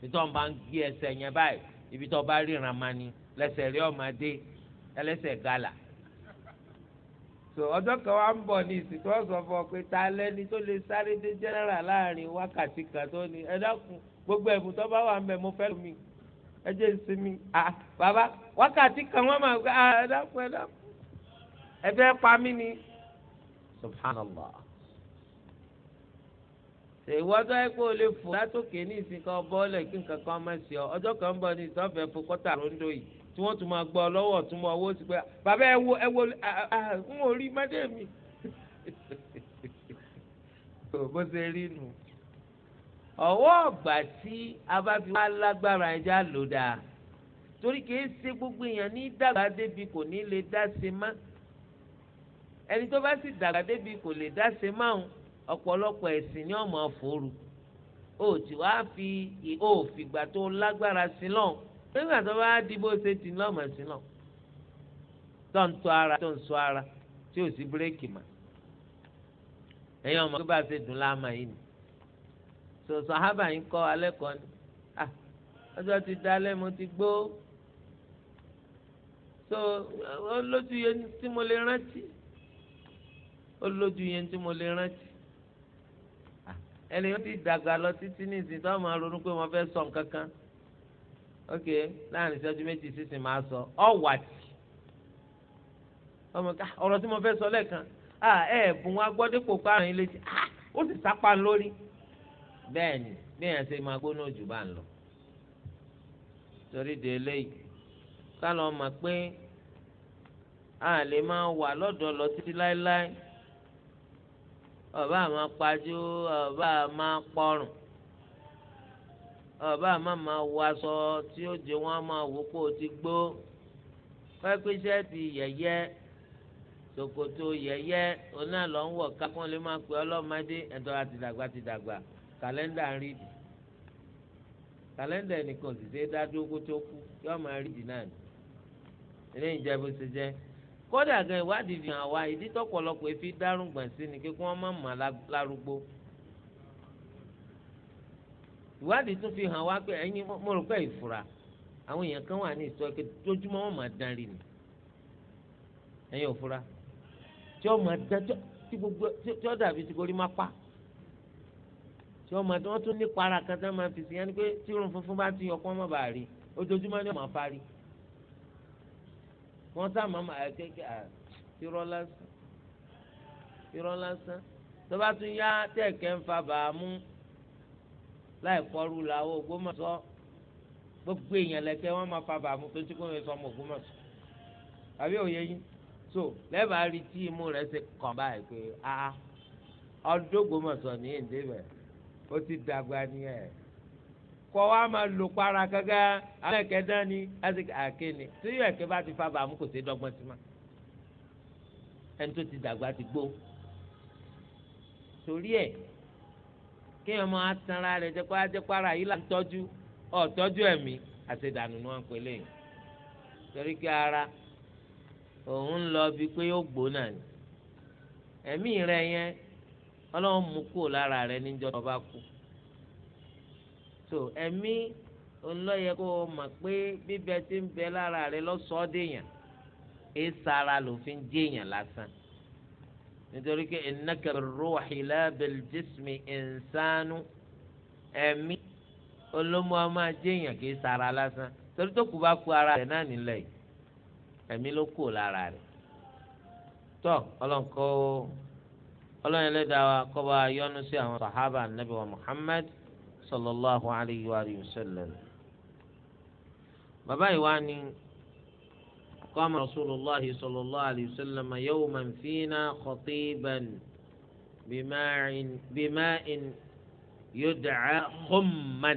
títọ́ bá ń gbé ẹsẹ̀ yẹn báyìí ibi tó bá ríran mani lẹ́sẹ̀ rí ọmọdé ẹlẹ́sẹ̀ gàlà so ọjọ́ kan wá ń bọ̀ ní ìsìnkú ọ̀sán fún ọ pé ta lẹ́ni tó lè sáré dé general láàrin wákàtí kan tó ní ẹ dákun gbogbo ẹ̀bùn tó bá wà ń bẹ̀ mo fẹ́ lómi ẹ jẹ́ ìsinmi à bàbá wákàtí kan wọ́n máa gbé ẹ dákun ẹ dákun ẹ fẹ́ pa mí ni subhanallah ìwọ́dọ̀ ẹ̀kọ́ ò lè fò látòkè ní ìsìnkú ọbọ̀ ọ̀lẹ̀ kí nǹkan kan má sí ọ ọjọ́ kan ń bọ̀ ní ìsọ̀fẹ́ fún kọ́tà rondo yìí tí wọ́n tún máa gbọ́ lọ́wọ́ tún mọ owó sí pé bàbá ẹ wo ẹ wo n ò rí mọ́tẹ́ mi [laughs] bó ṣe rí nu ọwọ́ ọ̀gbà tí a bá fi wá lágbára ẹja lò dáa torí kìí ṣe gbogbo èèyàn ní dàgbà débi kò ní lè dá ṣe má ẹni tó bá sì dàgbà débi kò lè dá ṣe má òun ọ̀pọ̀lọpọ̀ ẹ̀sìn ni ọmọ fòrò o tí wàá fi ìhó fìgbà tó lágbára sí lọ́hùn nígbà tó bá di bó ṣe ti lọ́mọ sí náà tó ń tó ara tó ń sọ ara tí ò sí bírèkì mà ẹ̀yin ọmọ tó bá ṣe dùn láàmà yìí ni sọ̀sọ̀ hábà yín kọ́ alẹ́ kan ni ah, ọjọ́ ti dalẹ̀ mo ti gbó so olójú yẹn tí mo lè rántí olójú yẹn tí mo lè rántí ah, ẹni yóò ti dàgbà lọ títí ní ìsìn tó máa ronú pé mo fẹ́ sọ nǹkan kan ok láàrin ìṣẹ́jú méjì sísìn máa sọ ọ wà tì ọmọ ká ọ̀rọ̀ tí mo fẹ́ sọ lẹ́ẹ̀kan ẹ bùn wá gbọ́dẹ́pọ̀ parun ilé tí ah, ó sì sápá lórí bẹ́ẹ̀ ni bẹ́ẹ̀ yẹn ṣe máa gbóná jù bá ń lọ torí de eléyìí ká lọ mọ̀ pé a lè máa wà lọ́dọ̀ lọ títí láéláé ọba àmọ́ pajú ọba àmọ́ pọrùn ọba àmà máa wọ aṣọ tí ó jẹ wọn máa wò pé o ti gbó pẹ́pẹ́ ṣẹ́ẹ̀tì yẹ̀yẹ́ ṣòkòtò yẹ̀yẹ́ oná lọ ń wọ̀ kápọ́n lè máa pe ọlọ́mọdé ẹ̀dọ́ àti dàgbà ti dàgbà kàlẹ́ndà ń rí di kàlẹ́ndà nìkan sì ṣe dájú kó tó kú yọ máa rí di náà ni eléyìí jẹ́ bó ṣe jẹ́ kódà gan ìwádìí fi hàn wá ìdí tọ́pọ̀lọpọ̀ èéfi dárúngbọ̀n sí ni kí wọ́n má mà lárúgbó ìwádìí tún fi hàn wá pé ẹ̀yin mo rò pé ìfura àwọn èèyàn kan wà ní ìsọ pé lójúmọ́ wọn máa dán rí ni ẹ̀yin òfura tí wọ́n máa dán tí gbogbo tí wọ́n dàbí ti gorí máa pa tí wọ́n máa wọ́n tún ní para kan tán máa fi sí yẹn pé tí irun funfun bá ti ọkọ́ má bàa rí ojoojúmọ́ ni wọ́n máa parí wọ́n sá máa máa kéèké irọ́ lásán irọ́ lásán tó bá tún yá tẹ̀kẹ́ ń fa bàá mú láì pọ́rú làwọn Ògbómọ̀ṣọ́ gbogbo èèyàn lẹ́kẹ́ wọ́n máa fa bàmú tó tí kò ń sọ ọmọ Ògbómọ̀ṣọ́ àbí òye yín so lẹ́bàá rí tí imú rẹ̀ ṣe kàn báyìí pé a ah, ah, ọdún Ògbómọ̀ṣọ́ ní èdè bẹ̀ ó ti dàgbà ní ẹ̀ kọ́ wa máa lò para gẹ́gẹ́ àwọn ẹ̀kẹ́ dání láti àkéne tí yóò ẹ̀kẹ́ bá ti fa bàmú kò sí dọ́gbọ́n sí ma ẹni tó ti dàgbà ti gbó torí ẹ̀ kéèyàn máa tanra rẹ jẹ́ pé ajẹ́ para yìí ń tọ́jú ẹ̀mí àṣedànù ni wọ́n pè torí kí ara òun ń lọ bíi pé yóò gbóná ni ẹ̀mí rẹ yẹn ọlọ́run mú lára rẹ níjọ́ tó bá kú sara lásán. nítorí pé innaka birruhi la biljismi insanu ẹ̀mí olómọ ọmọ ajé èèyàn kì í sara lásán torí tó kù bá ku ara rẹ̀ náà nílẹ̀ yìí ẹ̀mí ló kù lára rẹ̀ tọ́ ọlọ́nkọ́ ọlọ́run ẹlẹ́dàá wa kó bá yọ́nú sí àwọn sàhábà nàbí wa Muhammad sallallahu alayhi wa sallam bàbá yìí wá قام رسول الله صلى الله عليه وسلم يوما فينا خطيبا بماء يدعى خما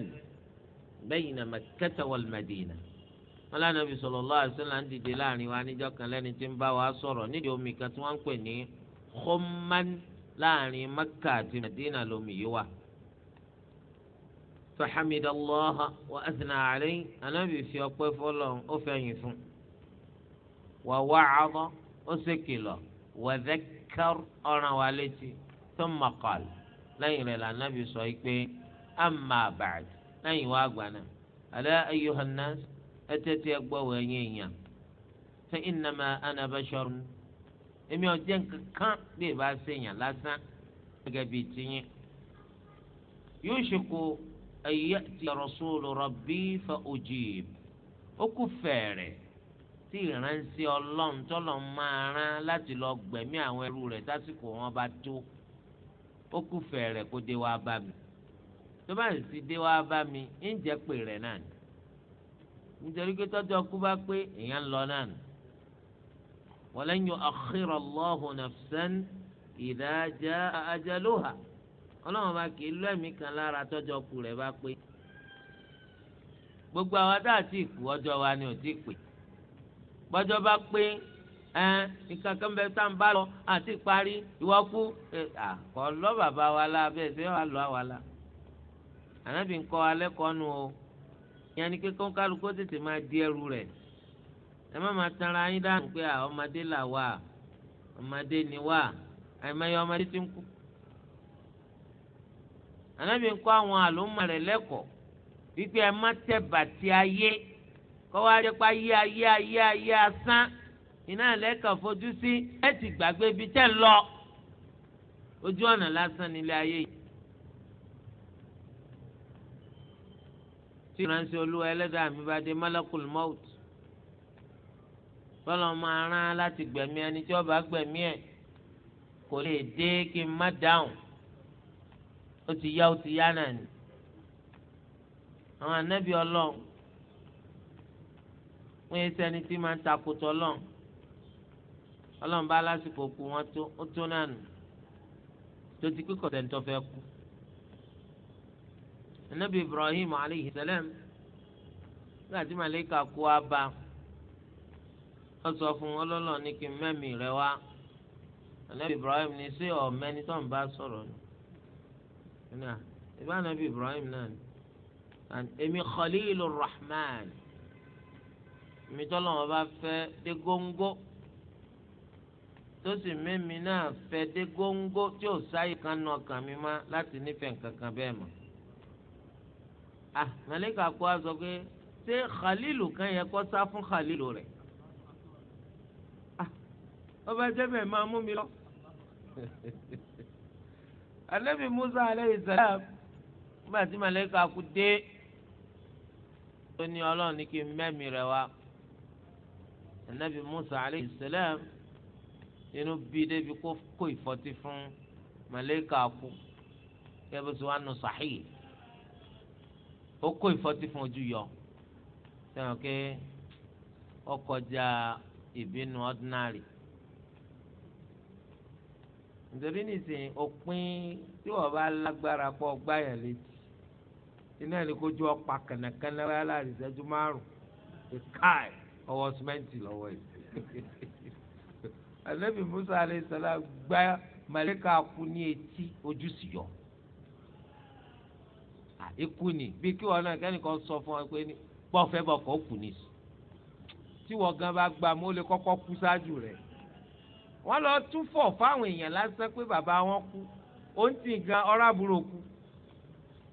بين مكة والمدينة قال النبي صلى الله عليه وسلم عندي دلاني واني جاك لاني تنبا واصر ندي أمي كتوان كوني خما لاني مكة المدينة لومي فحمد الله وأثنى عليه النبي في أقوى فولون أفعي wa wa'adha ó ṣe kìlọ̀ wa dhakkar ọ̀ràn wa létí thumma qala lẹ́yìn rẹ̀ lànàbì sọ pé amma ba'd lẹ́yìn wa gbàna ala ayyuhan nas ẹ tẹ́tí ẹ gbọ́ wọ ẹ̀yìn èèyàn fa innama ana basharun èmi ò jẹ́ nǹkankan bí ẹ bá ṣèyàn lásán gẹ́gẹ́ bíi tiyín yushiku an ya'ti rasulu rabbi fa ujib ó kú fẹ̀rẹ̀ tí ìránṣẹ́ ọlọ́run tọ́lọ̀ máa rán láti lọ gbẹ̀mí àwọn ẹrú rẹ̀ tásìkò wọn bá tó ó kù fẹ̀rẹ̀ kó dé wá bá mi tó bá sì dé wá bá mi ń jẹ́ pé rẹ̀ náà ni nítorí pé tọ́jú ọkú bá pé èèyàn ń lọ náà ni walan yu'akhkhira Allahu nafsan idha jaa ajaluha ọlọ́run bá kì í lọ ẹ̀mí kan lára tọ́jú ọkú rẹ̀ bá pé gbogbo àwọn tá a ọjọ́ wa ni ò ti pè é gbọ́jọ́ bá pé ẹ nǹkan kan bẹ tá à ń bá lọ àti parí ìwọ kú kọ́ lọ́ bàbá wa la bẹ́ẹ̀ sẹ́ wà lọ́ wa la ànábì ń kọ́ alẹ́ kọ́nu o ìyẹn ni kíkọ́ kálukú tètè máa di ẹrù rẹ̀ ẹ má máa tanra yín dáhùn pé ọmọdé là wà ọmọdé ni wà àìmọye ọmọdé ti ń kú ànábì ń kọ́ àwọn àlùmọ̀ rẹ̀ lẹ́kọ̀ọ́ wípé ẹ má tẹ̀ bàtí ayé kọ́ wá rí pa yíya yíya yíya yíya sán iná lẹ́kàn fojú sí ẹ ti gbàgbé ibi tẹ́ ń lọ ojú ọ̀nà lásán nílé ayé yìí. tí ìránṣẹ́ olúwa ẹlẹ́dàá mi bá dé malakul maut bọ́lá máa rán láti gbẹ̀mí ẹni tí ó gbẹ̀mí ẹ̀ kò lè dé kí n má dáhùn ó ti yá ó ti yá náà ni àwọn anábì ọlọ́run wọn yé sẹni tí máa ń takùtọ lọn Ọlọ́run bá lásìkò kú wọn tó ó tó náà nù tó ti kíkọ tẹnitọ fẹ́ kú anabi ibrahim aleyhi salam nígbà tí màlẹ́kà kú wa bá ọ sọ fún ọlọ́lọ́ ní kí mẹ́mì rẹ wá anabi ibrahim ní sí ọ̀mẹ́ni tó ń bá sọ̀rọ̀ ni ìbá anabi ibrahim náà ni èmi khalilu rahman èmi tọ́lọ́wọ́n bá fẹ́ dé góńgó tó sì mẹ́mi náà fẹ́ dé góńgó tí ò sáyé kan nà ọkàn mi má láti nífẹ̀ẹ́ nǹkankan bẹ́ẹ̀ mọ́. à ah, màlẹ́kà kó a sọ pé ṣé khalilu kan yẹ kó sá fún khalilu rẹ̀ ọba ah, jẹ́bẹ̀ máa mú mi lọ. anabi [laughs] musa aleyhi salam nígbà tí màlẹ́kà kú dé ó ní ọlọ́run ní kí n mẹ́mi rẹ̀ wá anabi musa aleyhi salam inú bí débi kó kó ìfọ́tí fún màlẹ́kà kú kẹ́bí sọ wánú sàhíì ó kó ìfọ́tí fún ojú yọ sẹ́wọ̀n ké ọkọjà ìbínú ordinary nítorí nìsín òpin tí wọ́n bá lágbára pọ̀ gbáyà létí iná ẹni kó ju ọ̀pá kànákànná wáyà láàrin ìṣẹ́jú márùn-ún ìkáì ọwọ́ sìmẹ́ǹtì lọ́wọ́ yìí anabi musa alayhi salam gbá màlẹ́kà kú ní etí ojú sì yọ ikú ni bí kí wọn náà kẹ́nìkan sọ fún ọ pé ní bọ́ọ̀fẹ́ bọ̀kọ̀ kù ní sùn tí wọn gan bá gbà mọ́ lè kọ́kọ́ kú ṣáájú rẹ̀ wọ́n lọ túfọ̀ fáwọn èèyàn lásán pé bàbá wọn kú ó ń gan ọ̀rá àbúrò kú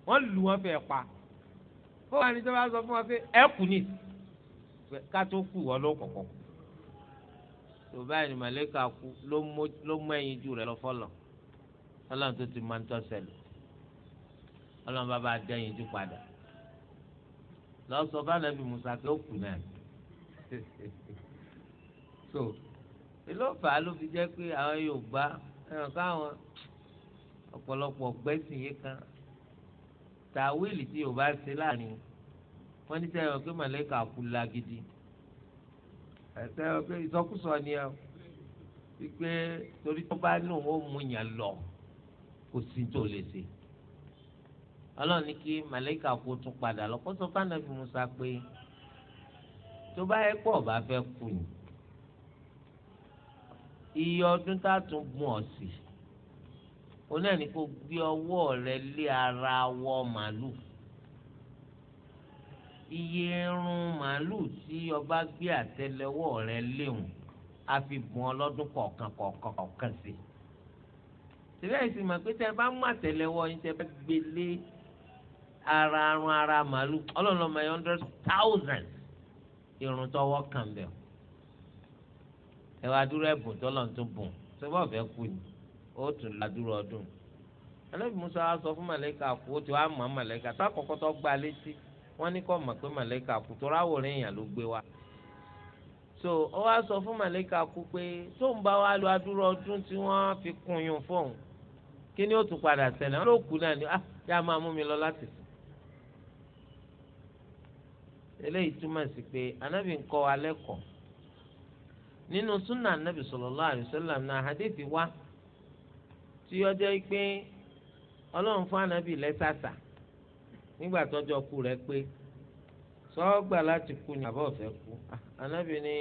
wọ́n lù wọ́n fẹ́ pa fún wa ní sọ sọ fún wọn pé ẹ kù ní ká tó kú wọ́n ló kọ̀kọ́ tó báyìí ni màlẹ́kà kú ló mú ẹyin jù rẹ lọ fọlọ́ ọlọ́run tó ti máa ń tọ́sẹ̀ lọ ọlọ́run bá bá dẹ́yìn jù padà lọ́sọ̀ bá nàbì Musa pé ó kù náà [laughs] so ìlọ́fà ló fi jẹ́ pé àwọn Yorùbá ẹ̀ràn káwọn ọ̀pọ̀lọpọ̀ gbẹ́sìn yìí kan tàwíìlì tí Yorùbá ṣe láàrin wọ́n ní sẹ́yìn pé màlẹ́kà kú la gidi sẹ́yìn pé ìsọkúsọ ni ẹ wípé torí tó bá nù ó mú yàn lọ kò sí tó lè ṣe ọlọ́run ní kí màlẹ́kà kú tún padà lọ kó sọ fánàbí Musa pé tó bá yẹ pọ̀ bá fẹ́ kú ni iye ọdún tá a tún gun ọ̀ sí onáà ní kó gbé ọwọ́ rẹ lé ara wọ màlúù iye irun màálù tí ọba gbé àtẹ́lẹwọ́ rẹ̀ léwu a fi bùn ọ lọ́dún kọ̀ọ̀kan kọ̀ọ̀kan kọ̀ọ̀kan sí i síbẹ̀ sì mọ̀ pé tẹ́ ẹ bá mú àtẹ́lẹwọ́ yín tẹ́ ẹ bá gbélé ara arun ara màálù ọlọ́run lọ́mọ yẹn hundred thousand irun tọwọ́ kan bẹ̀ ẹ wá dúró ẹ̀bùn tọ́lọ̀ tó bùn sọ́bọ̀ ọ̀fẹ́ kú ni ó tún ládùúrọ̀ ọdún alẹ́ musa sọ fún màlẹ́kà kú ó ti mọ̀ màlẹ́kà tó àkọ́kọ́ tó gbá létí wọ́n ní kó mọ̀ pé màlẹ́kà kú tó ráwòrán èèyàn ló gbé wa so ó wá sọ fún màlẹ́kà kú pé tó ń bá wa lo adúrò ọdún tí wọ́n fi kun yun fóun kí ni ó tún padà ṣẹlẹ̀ wọ́n ló kú náà ni ah yá máa mú mi lọ láti sùn eléyìí túmọ̀ sí pé anábì ń kọ́ wa lẹ́kọ̀ọ́ nínú súnà anábì sallallahu alaihi wasallam náà hadithi wá tí ó jẹ́ pé ọlọ́run fún anábì lẹ́sàsà. nígbà tọ́jọ́ kú rẹ̀ pé sọ́gbà láti kú ni àbọ̀ fẹ́ kú anábì ah, ní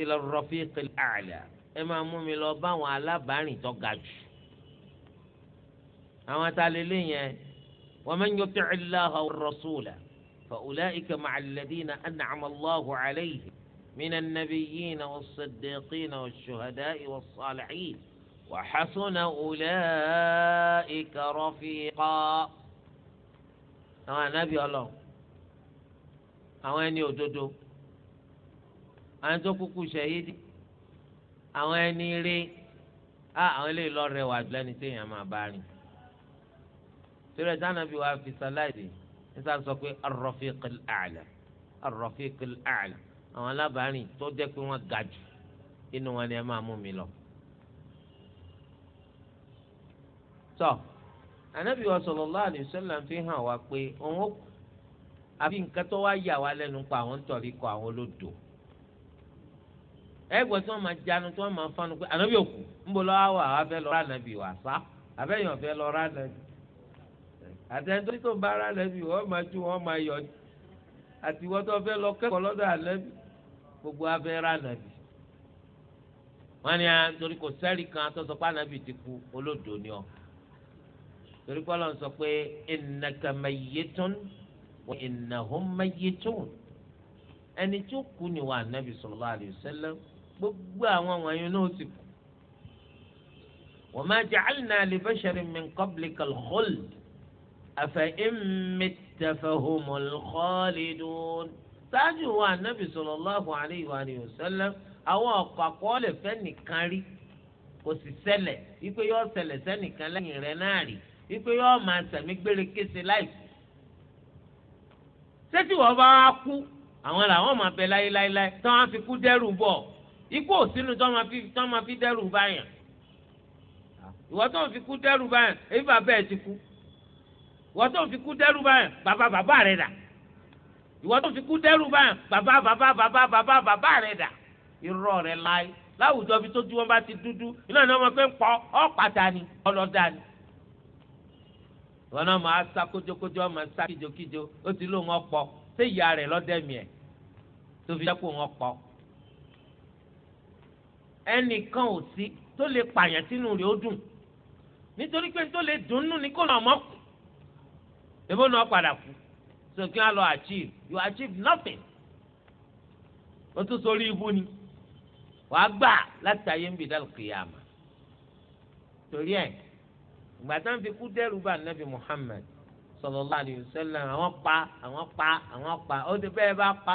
ila rafiqil a'la ẹ máa mú mi lọ báwọn alábàárìn tó ga jù àwọn atalẹ́lẹ́ yẹn wa man yuti'i Allaha wa rasula fa ulaika ma'al ladina an'ama Allahu alayhim minan nabiyyina was-siddiqina wash-shuhada'i was-salihin wa hasuna ulaika rafiqa àwọn ànábì Ọlọ́run àwọn ẹni òdodo àwọn tó kúkú ṣẹyídì àwọn ẹni rí á àwọn eléyìí lọ rẹwà lẹni téèyàn máa bá rìn tẹ́lẹ̀ tánàbí wa fi sàláìdì níta sọ pé ar-rafiqil a'la ar a'la àwọn alábàárìn tó jẹ́ pé wọ́n ga jù inú wọn ni ẹ máa mú mi lọ. So, anabi wa sallallahu alayhi wa sallam fi hàn wá pé òun ó kú àbí nǹkan tó wá yà wá lẹ́nu pa àwọn ń tọ̀rí kọ àwọn olódò ẹgbẹ́ tí wọ́n máa jánu tí wọ́n máa fánu pé ànábì òkú ńbọ lọ́wọ́ wà wá fẹ́ lọ rà nàbì wà sá àbẹ́yàn fẹ́ lọ rà nàbì àtẹnudọ́ tó bá rà nàbì wọ́n máa ju wọ́n máa yọ ni àti lọ kẹ́kọ̀ọ́ lọ́dọ̀ ànábì gbogbo wa rà nàbì wọ́n ní à ah, torí kò sẹ́rì kan tó sọ pé ànábì ti kú olódò ni ọ́ torí pé ọlọ́run sọ pé innaka mayyitun wa innahum mayyitun ẹni tí ó kú ni wà nábì sallallahu alayhi wa sallam gbogbo àwọn wọ̀nyí náà ti kú. wa ma ja'alna li basharin min qablika al-khuld afa sáájú wa nábì sallallahu alayhi wa sallam àwọn ọ̀pọ̀ àkọọ́lẹ̀ nìkan rí kò sì ṣẹlẹ̀ wípé yóò ṣẹlẹ̀ sẹ́nìkan lẹ́yìn rẹ̀ náà rí wípé yọọ máa sẹ̀mí gbére kése láìsí sẹ́tì wọ́n bá wá kú àwọn làwọn máa bẹ láéláéláé tí wọ́n á fi kú dẹ́rù bọ̀ ikú òsínú tí wọ́n máa fi dẹ́rù báyàn ìwọ tó ń fi kú dẹ́rù báyàn èyí bàbá ẹ̀ ti kú ìwọ tó ń fi kú dẹ́rù báyàn bàbá bàbá rẹ̀ dà ìwọ tó ń fi kú dẹ́rù báyàn bàbá bàbá bàbá bàbá bàbá rẹ̀ dà irọ́ rẹ̀ láé láwùjọ bí tó tí wọ́n bá ti dúdú iná ni wọ́n máa fẹ́ ń pọ̀ ọ́ pàtàkì ọlọ́dà ni wọn náà máa sá kójókójó máa sá kíjokíjo ó ti lóun ọ̀pọ̀ ṣé ìyá rẹ̀ lọdẹmí ẹ tó fi dẹkùn wọn pọ ẹnìkan ò sí tó lè pààyàn sínú rẹ̀ ó dùn nítorí pé tó lè dùn nù ní kó náà mọ kù èbó náà padà kú so kí wọn lọ achieve you achieve nothing o tún sórí ibú ni wàá gbà láti ayé ń bì dálùkì yàmà torí ẹ̀ ìgbà tí wọ́n fi kú dẹ́rù bá nàbì Muhammad sallallahu alaihi wasallam àwọn pa àwọn pa àwọn pa ó ti bẹ́ẹ̀ bá pa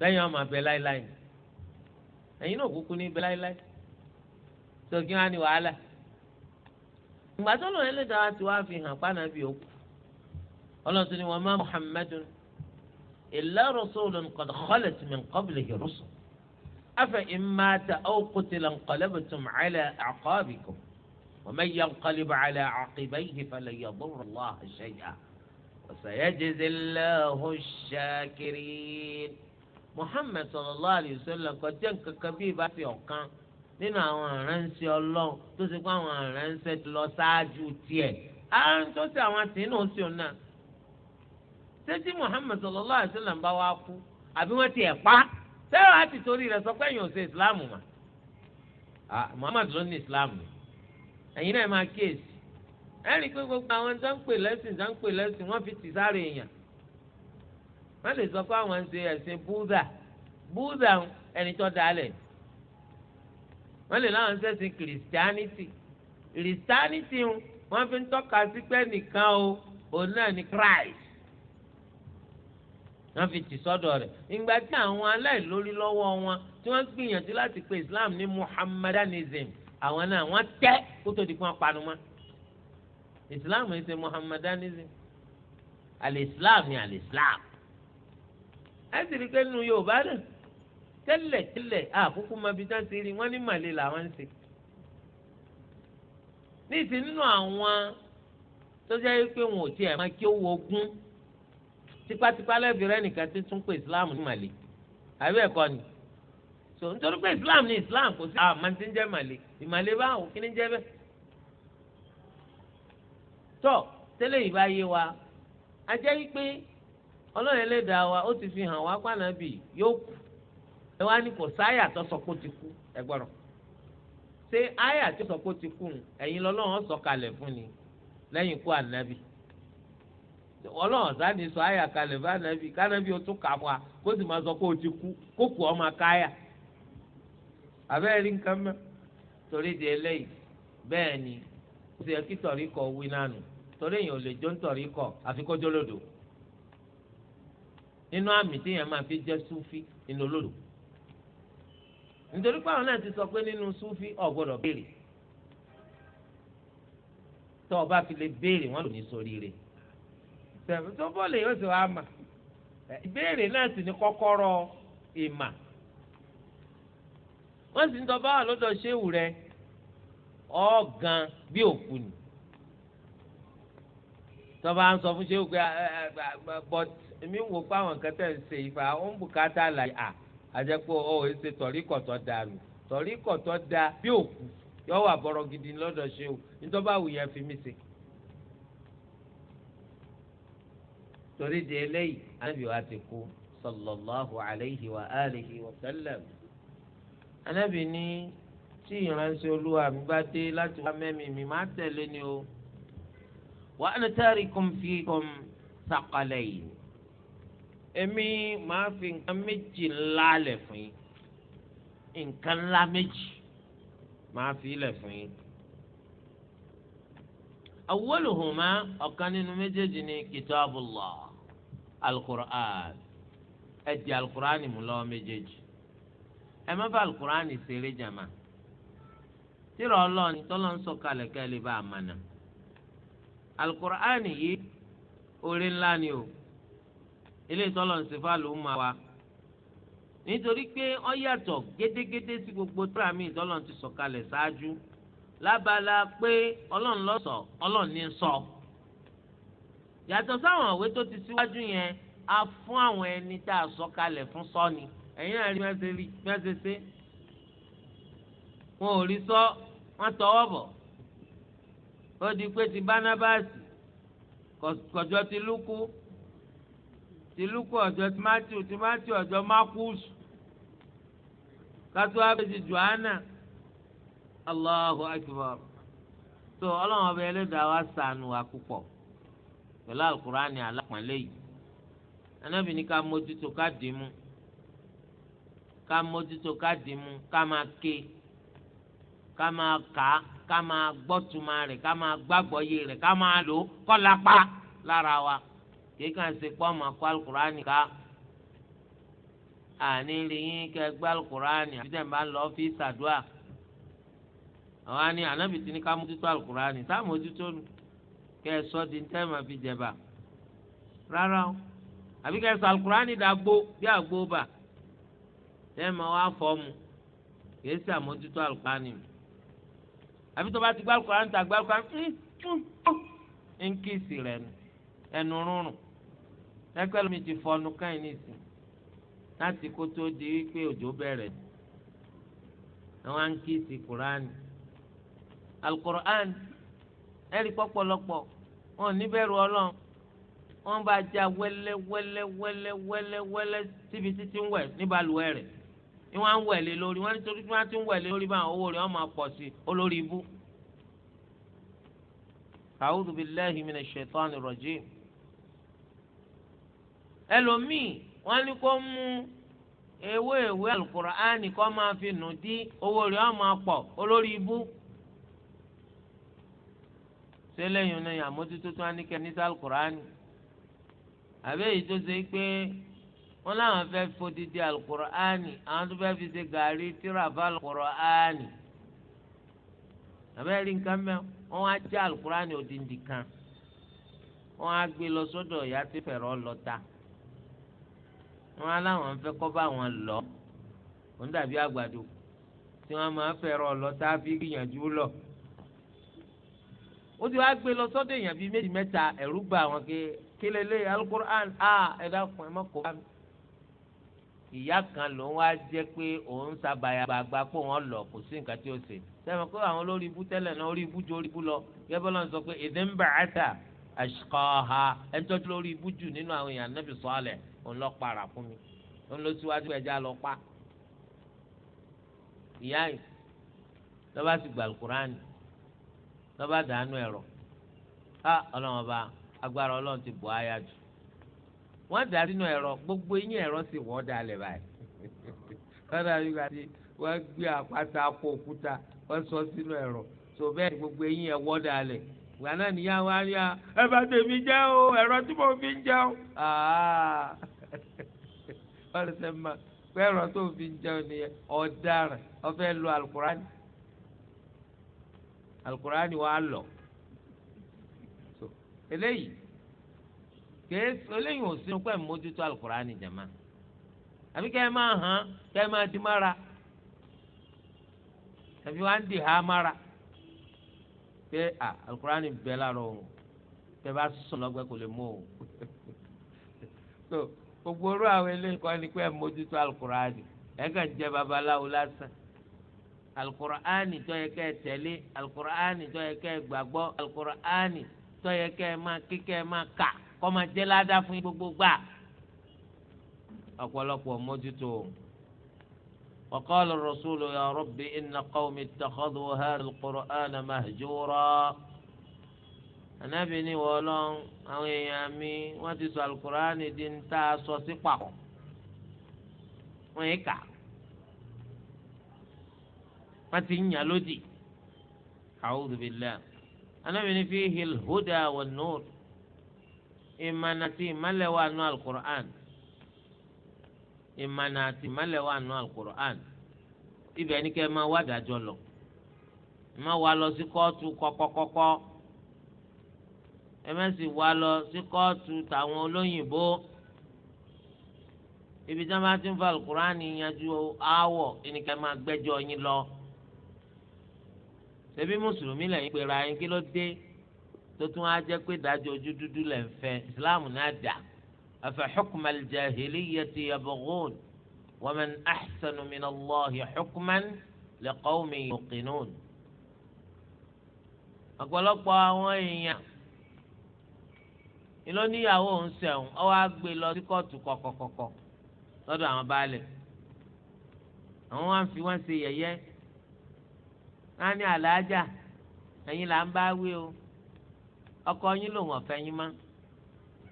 lẹ́yìn ọmọ abẹ láéláé ẹ̀yin náà kúkú ní ibẹ láéláé tó kí wọ́n á ní wàhálà ìgbà tó lọ́nà ẹlẹ́dàá ti wá fi hàn pa nàbì òkú ọlọ́run tó ní wa ma Muhammadun illa rasulun qad khalat min qablihi rusul afa in mata aw qutila inqalabtum ala ومن ينقلب على عقبيه فلن يضر الله شيئا وسيجزي الله الشاكرين Muhammad sallallahu alayhi wa sallam kò jẹ́ nǹkan kan bí ìbá fi ọ̀kan nínú àwọn aránṣẹ́ Ọlọ́run tó ṣe pé àwọn aránṣẹ́ ti lọ ṣáájú tiẹ̀ àrùn tó ṣe àwọn àtìnú sí òun náà ṣéjì Muhammad sallallahu alayhi wa sallam bá wá kú àbí wọ́n ti ẹ̀ pa sẹ́wọ̀n á torí rẹ̀ sọ pé èèyàn ò ṣe ìsìláàmù mà ah, Muhammad ló ní ìsìláàmù ni ẹ̀yin náà máa kíyèsí ẹ rí i pé gbogbo àwọn sáńpè lẹ́sìn sáńpè lẹ́sìn wọ́n fi tì sáré èèyàn wọ́n lè sọ pé àwọn ń ṣe ẹ̀sìn búdà búdà ẹni tó dalẹ̀ wọ́n lè láwọn ń ṣẹ̀sìn kìrìsìtánítì kìrìsìtánítì wọ́n fi ń tọ́ka sí pé nìkan o òun náà ni Christ wọ́n fi tì sọ́dọ̀ rẹ̀ ìgbà tí àwọn aláìlórí lọ́wọ́ wọn tí wọ́n gbìyànjú láti pe Islam ní Muhammadanism àwọn náà wọ́n tẹ́ kó tó di kó wọ́n panu mọ́ islam ẹ̀ ṣe muhammadanism alislam ni alislam ẹ̀ sì rí kẹ́nu yorùbá náà tẹ́lẹ̀ tẹ́lẹ̀ àkókò máa bi tán ti rí wọ́n ní màlẹ́ làwọn ń ṣe ní ti nínú àwọn tó jẹ́ pé wọn ò tiẹ̀ máa kí ó wo ogún tipátipá lẹ́bi nìkan tí tún pé islam ní màlẹ́ àbí ẹ̀kọ́ ni. so nítorí pé islam ni islam kò sí àmọ́ ah, tí ń jẹ́ màlẹ́ ìmàlẹ́ báwo kí ni jẹ́ bẹ́ẹ̀. tọ́ tẹ́lẹ̀ yìí bá yé wa a jẹ́ wípé ọlọ́run ẹlẹ́dàá wa ó ti fi hàn wá pànàbì yóò ẹ wá ní kò sọ pé ó ti kú ẹ gbọ́dọ̀ ṣé àyà tó sọ pé ó ti kú ẹ̀yin lọ́lọ́run sọ kalẹ̀ ni lẹ́yìn ikú ànábì ọlọ́run sáà sọ àyà kalẹ̀ fún ànábì kánábì ó tún kà fún wa kó sì máa sọ pé ó ti kú abẹ́rẹ́ nǹkan mọ́ torí di eléyìí bẹ́ẹ̀ ni ó kí tọ̀rí kọ wí nánu torí èèyàn ò lè jó tọ̀rí fi jẹ́ súfí nínú olódò nítorí pé ti sọ pé nínú súfí ò béèrè o bá fi lè béèrè wọn lò ní ṣoríire tẹ̀sán tó bọ́ọ̀lù yóò sì wá mà ìbéèrè náà sì ní kọ́kọ́rọ́ wọ́n sì ń tọ́ bá wà lọ́dọ̀ ṣéwù rẹ ọ̀gàn bí òkú ni tọ́ba ń sọ fún ṣéwù pé but èmi ń wò pé àwọn nǹkan tẹ̀ ń ṣe ìfà ó ń bùkátà láì à àjẹpọ̀ ọ̀ ẹ̀ ṣe tọ̀ríkọ̀tọ̀ dànù tọ̀ríkọ̀tọ̀ da bí òkú yọ wà bọ̀rọ̀ gidi lọ́dọ̀ ṣéwù nítorí bá wù yẹn fi mí ṣe. torí di eléyìí ànábì wa ti kú sallallahu alayhi wa alihi wa sallam anábì ní tí ìránṣẹ́ olúwa mi bá dé láti wá mẹ́mìí mi máa tẹ̀lé ni o wa ana tarikum fikum thaqalayn èmi máa fi nǹkan méjì ńlá lẹ̀ fún yín nǹkan ńlá méjì máa fi lẹ̀ fún yín. awwaluhuma ọ̀kan nínú méjèèjì ni kitabullah alukur'an ẹ̀dì alukur'an ni mo lọ́wọ́ méjèèjì ẹ má bá alukur'an ṣeré jàmá tírà ọlọ́ọ̀ni tọ́lọ́ ń sọ̀kalẹ̀ ká ẹ lè bá a mànà alukur'an yìí orí ńlá ni o ilé ìtọ́lọ̀ ń ṣe fáàlù ń ma wa nítorí pé ó yàtọ̀ gédégédé sí gbogbo tírà mi ìtọ́lọ̀ ti sọ̀kalẹ̀ ṣáájú lábala pé ọlọ́run ló sọ ọlọ́run ní sọ yàtọ̀ sáwọn òwe tó ti síwájú yẹn a fún àwọn ẹni tá a sọ̀kalẹ̀ fún sọ́ni. So ẹ̀yin náà rí mẹsẹ ṣe wọn ò rí sọ wọn tọwọ́ bọ̀ ó di pé ti bánábàásì kọjọ ti lúkú ti lúkú ọjọ́ ti mátíù ti mátíù ọjọ́ mákúùsù kátó abẹ́sì johanna allahu akbar tó ọlọ́run ọba ẹlẹ́dàá wa ṣàánú wa púpọ̀ pẹ̀lú alukurani alápọ̀nlé yìí anábìíní ká mójútó ká dìímú ká mójútó ká dìímú ká máa ké ká máa kà á ká máa gbọ́tuma rẹ̀ ká máa gbàgbọ́yé rẹ̀ ká máa lò ó kọ́ lára wa kí kàn ṣe pọ́ ọmọ kọ́ alukur'ani ká àní rí yín kẹ́ gbé alukur'ani àti dẹ̀mbà lọ fi ṣàdúrà àwọn àni ànábì tí ní ká mójútó alukur'ani tá mójútó nu kẹ́ ẹ sọ́ di tẹ́ máa fi jẹ̀bà rárá o àbí kẹ́ ẹ alukur'ani dàgbò bí àgbò bá ẹ wa wá fọ́ọ̀mù kìí ṣe àmójútó àlùkùránì mu àbí tó bá ti gbá àlùkùránì ta gbá àlùkùránì ń kíìsì rẹ̀ nu ẹnu rúnrún ẹgbẹ́ lómi ti fọnu káyìn nìsín láti kó tó di wípé òjò bẹ̀rẹ̀ àwọn ń kíìsì kùránì àlùkùránì ẹ̀rí pọ̀pọ̀lọpọ̀ wọn ò ní bẹ̀rù ọlọ́run wọn bá já wẹ́lẹ́ wẹ́lẹ́ wẹ́lẹ́ wẹ́lẹ́ síbi títí ń wẹ̀ níbalùwẹ̀ rẹ̀ ni wọ́n á lórí wọ́n nítorí tí ti ń lórí báwọn owó rẹ̀ wọ́n máa pọ̀ sí olórí ibú. A'udhu billahi minash shaitani ẹlòmíì ní kó mú ewé fi nù dí owó rẹ̀ wọ́n máa pọ̀ olórí ibú. sẹ́lẹ̀ ni àmójútó tó wá ní kẹ́ ní Abe àbẹ́yìí tó ṣe wọn làwọn fẹ́ fodidi alukur'ani àwọn tó fẹ́ fi ṣe gàrí tírafà alukur'ani àbẹ́rẹ́ nǹkan mẹ́ wọ́n á já alukur'ani odindi kan wọ́n á gbé lọ sọ́dọ̀ ìyá tí fẹ̀rọ lọ́ta wọ́n á láwọn fẹ́ kọ́ bá wọn lọ òun dàbí àgbàdo tí wọ́n máa fẹ̀rọ lọ́ta fi gbìyànjú lọ ó ti wá gbé lọ sọ́dọ̀ èèyàn bíi méjì mẹ́ta ẹ̀rú gba àwọn kékeré lé alukur'an a ẹ̀dá kan ẹ̀ má kó bá mi ìyá kan ló ń wá jẹ́ pé òun sábàyàgbà pé wọ́n lọ kò sí nǹkan tí ó ṣe sẹ́wọ̀n pé àwọn olórí ibú tẹ́lẹ̀ náà orí ibú ju orí ibú lọ gẹ́gẹ́ lọ́n sọ pé èdè ń bà á tà àṣìkọ́ha ẹni tọ́jú lórí ibú jù nínú àwọn èèyàn Nábì Sọ́ọ̀lẹ̀ òun lọ para fún mi òun ló síwájú ẹja lọ pa ìyá yìí lọ́ba sì gbà lùkùránì lọ́ba dànù ẹ̀rọ ọlọ́run ọba agbára ọlọ́run ti bọ̀ wọ́n dà sínú ẹ̀rọ gbogbo eyín ẹ̀rọ sì wọ́n dà lẹ̀ báyìí wọ́n [laughs] dà bí wọ́n ti wọ́n gbé àpáta kó òkúta wọ́n sọ sínú ẹ̀rọ tó bẹ́ẹ̀ ni gbogbo eyín ẹ̀ wọ́n dà lẹ̀ ìgbà náà nìyá wa rí a ẹ bá tèmi jẹ́ o ẹ̀rọ tí mo fi ń jẹun [laughs] wọ́n lè sẹ́ ma pé ẹ̀rọ tó fi ń jẹun ni ọ̀daràn ọ̀fẹ́ lu alukurani alukurani wa lọ eléyìí kèé eléyìí ò sínú pẹ̀ mójútó alukurani jama àbí kẹ́ ẹ máa hàn kẹ́ ẹ máa di mára àbí wàá di ha mára pé à alukurani bẹ́ lára o tẹ bá sùn lọ́gbẹ́ kò lè mú o [laughs] so gbogbo orú àwọn eléyìí kọ́ ni pé ẹ mójútó alukurani ẹ kàn jẹ́ babaláwo lásán alukur'ani tó yẹ kẹ́ tẹ̀lé alukur'ani tó yẹ kẹ́ gbàgbọ́ alukur'ani tó yẹ kẹ́ máa kíkẹ́ máa kà kọ́ máa jẹ́ ládàá fún gbogbo gbà ọ̀pọ̀lọpọ̀ mójútó وقال الرسول يا رب إن قومي اتخذوا هذا القرآن مهجورا Ànábì ní wọlọ́n àwọn èèyàn mi wọ́n ti sọ alukurani di ń tá sọ sí pàkó wọ́n yìí kà wọ́n ti ń yàn lódì a'udhu billah Ànábì ní fihi al-huda wan ìmànà àti ìmàlẹ̀ wà nù alukur'an ìmànà àti ìmàlẹ̀ wà nù alukur'an ibẹ̀ ni kẹ́ ẹ máa wá dájọ́ lọ ẹ má wá lọ sí kóòtù kọ́kọ́kọ́kọ́ ẹ má sì wá lọ sí kóòtù tàwọn olóyìnbó ibi tí wọn bá ti ń fa alukur'an yanjú aáwọ̀ ẹni kẹ́ ẹ máa gbẹ́jọ́ yín lọ ṣebí mùsùlùmí lẹ́yìn pera yín kí ló dé tó tún á jẹ́ pé ìdájọ́ ojú dúdú lẹ̀ ń fẹ́ islam náà dà afa hukma al-jahiliyyati yabghun wa man ahsanu min Allahi hukman li qawmin yuqinun. ọ̀pọ̀lọpọ̀ àwọn èèyàn ìlú oníyàwó ń sẹ̀wọ̀n ọ wá gbé lọ sí kóòtù kọ̀kọ̀kọ̀kọ̀ lọ́dọ̀ àwọn baálẹ̀ àwọn wá ń fi wọ́n ṣe yẹ̀yẹ́ wọ́n á ní àlàájá ẹ̀yin là ń bá wí o ọkọ yín lòun ọ̀fẹ́ yín má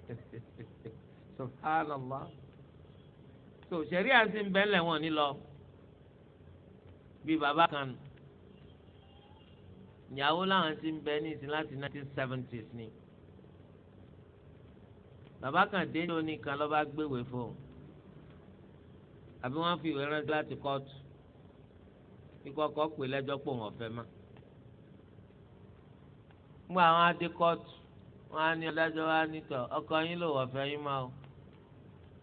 [laughs] subhanallah so sẹ̀rí àti ń bẹ́lẹ̀ wọn ní lọ bíi bàbá kan ìyàwó làwọn ti ń bẹ ní ìsìn láti nineteen seventies ni bàbá kan dé ní oníkan lọ́ba gbéwèé fún un àbí wọ́n fi ìwé ránṣẹ́ láti kóòtù kíkọ́ kọ́ pè lẹ́jọ́ pò wọ́n fẹ́ máa gbọ́ àwọn adé kóòtù wọn á ní ọ̀dájọ́ wa nítọ̀ ọkọ yín ló wọ̀fẹ́ yín máa o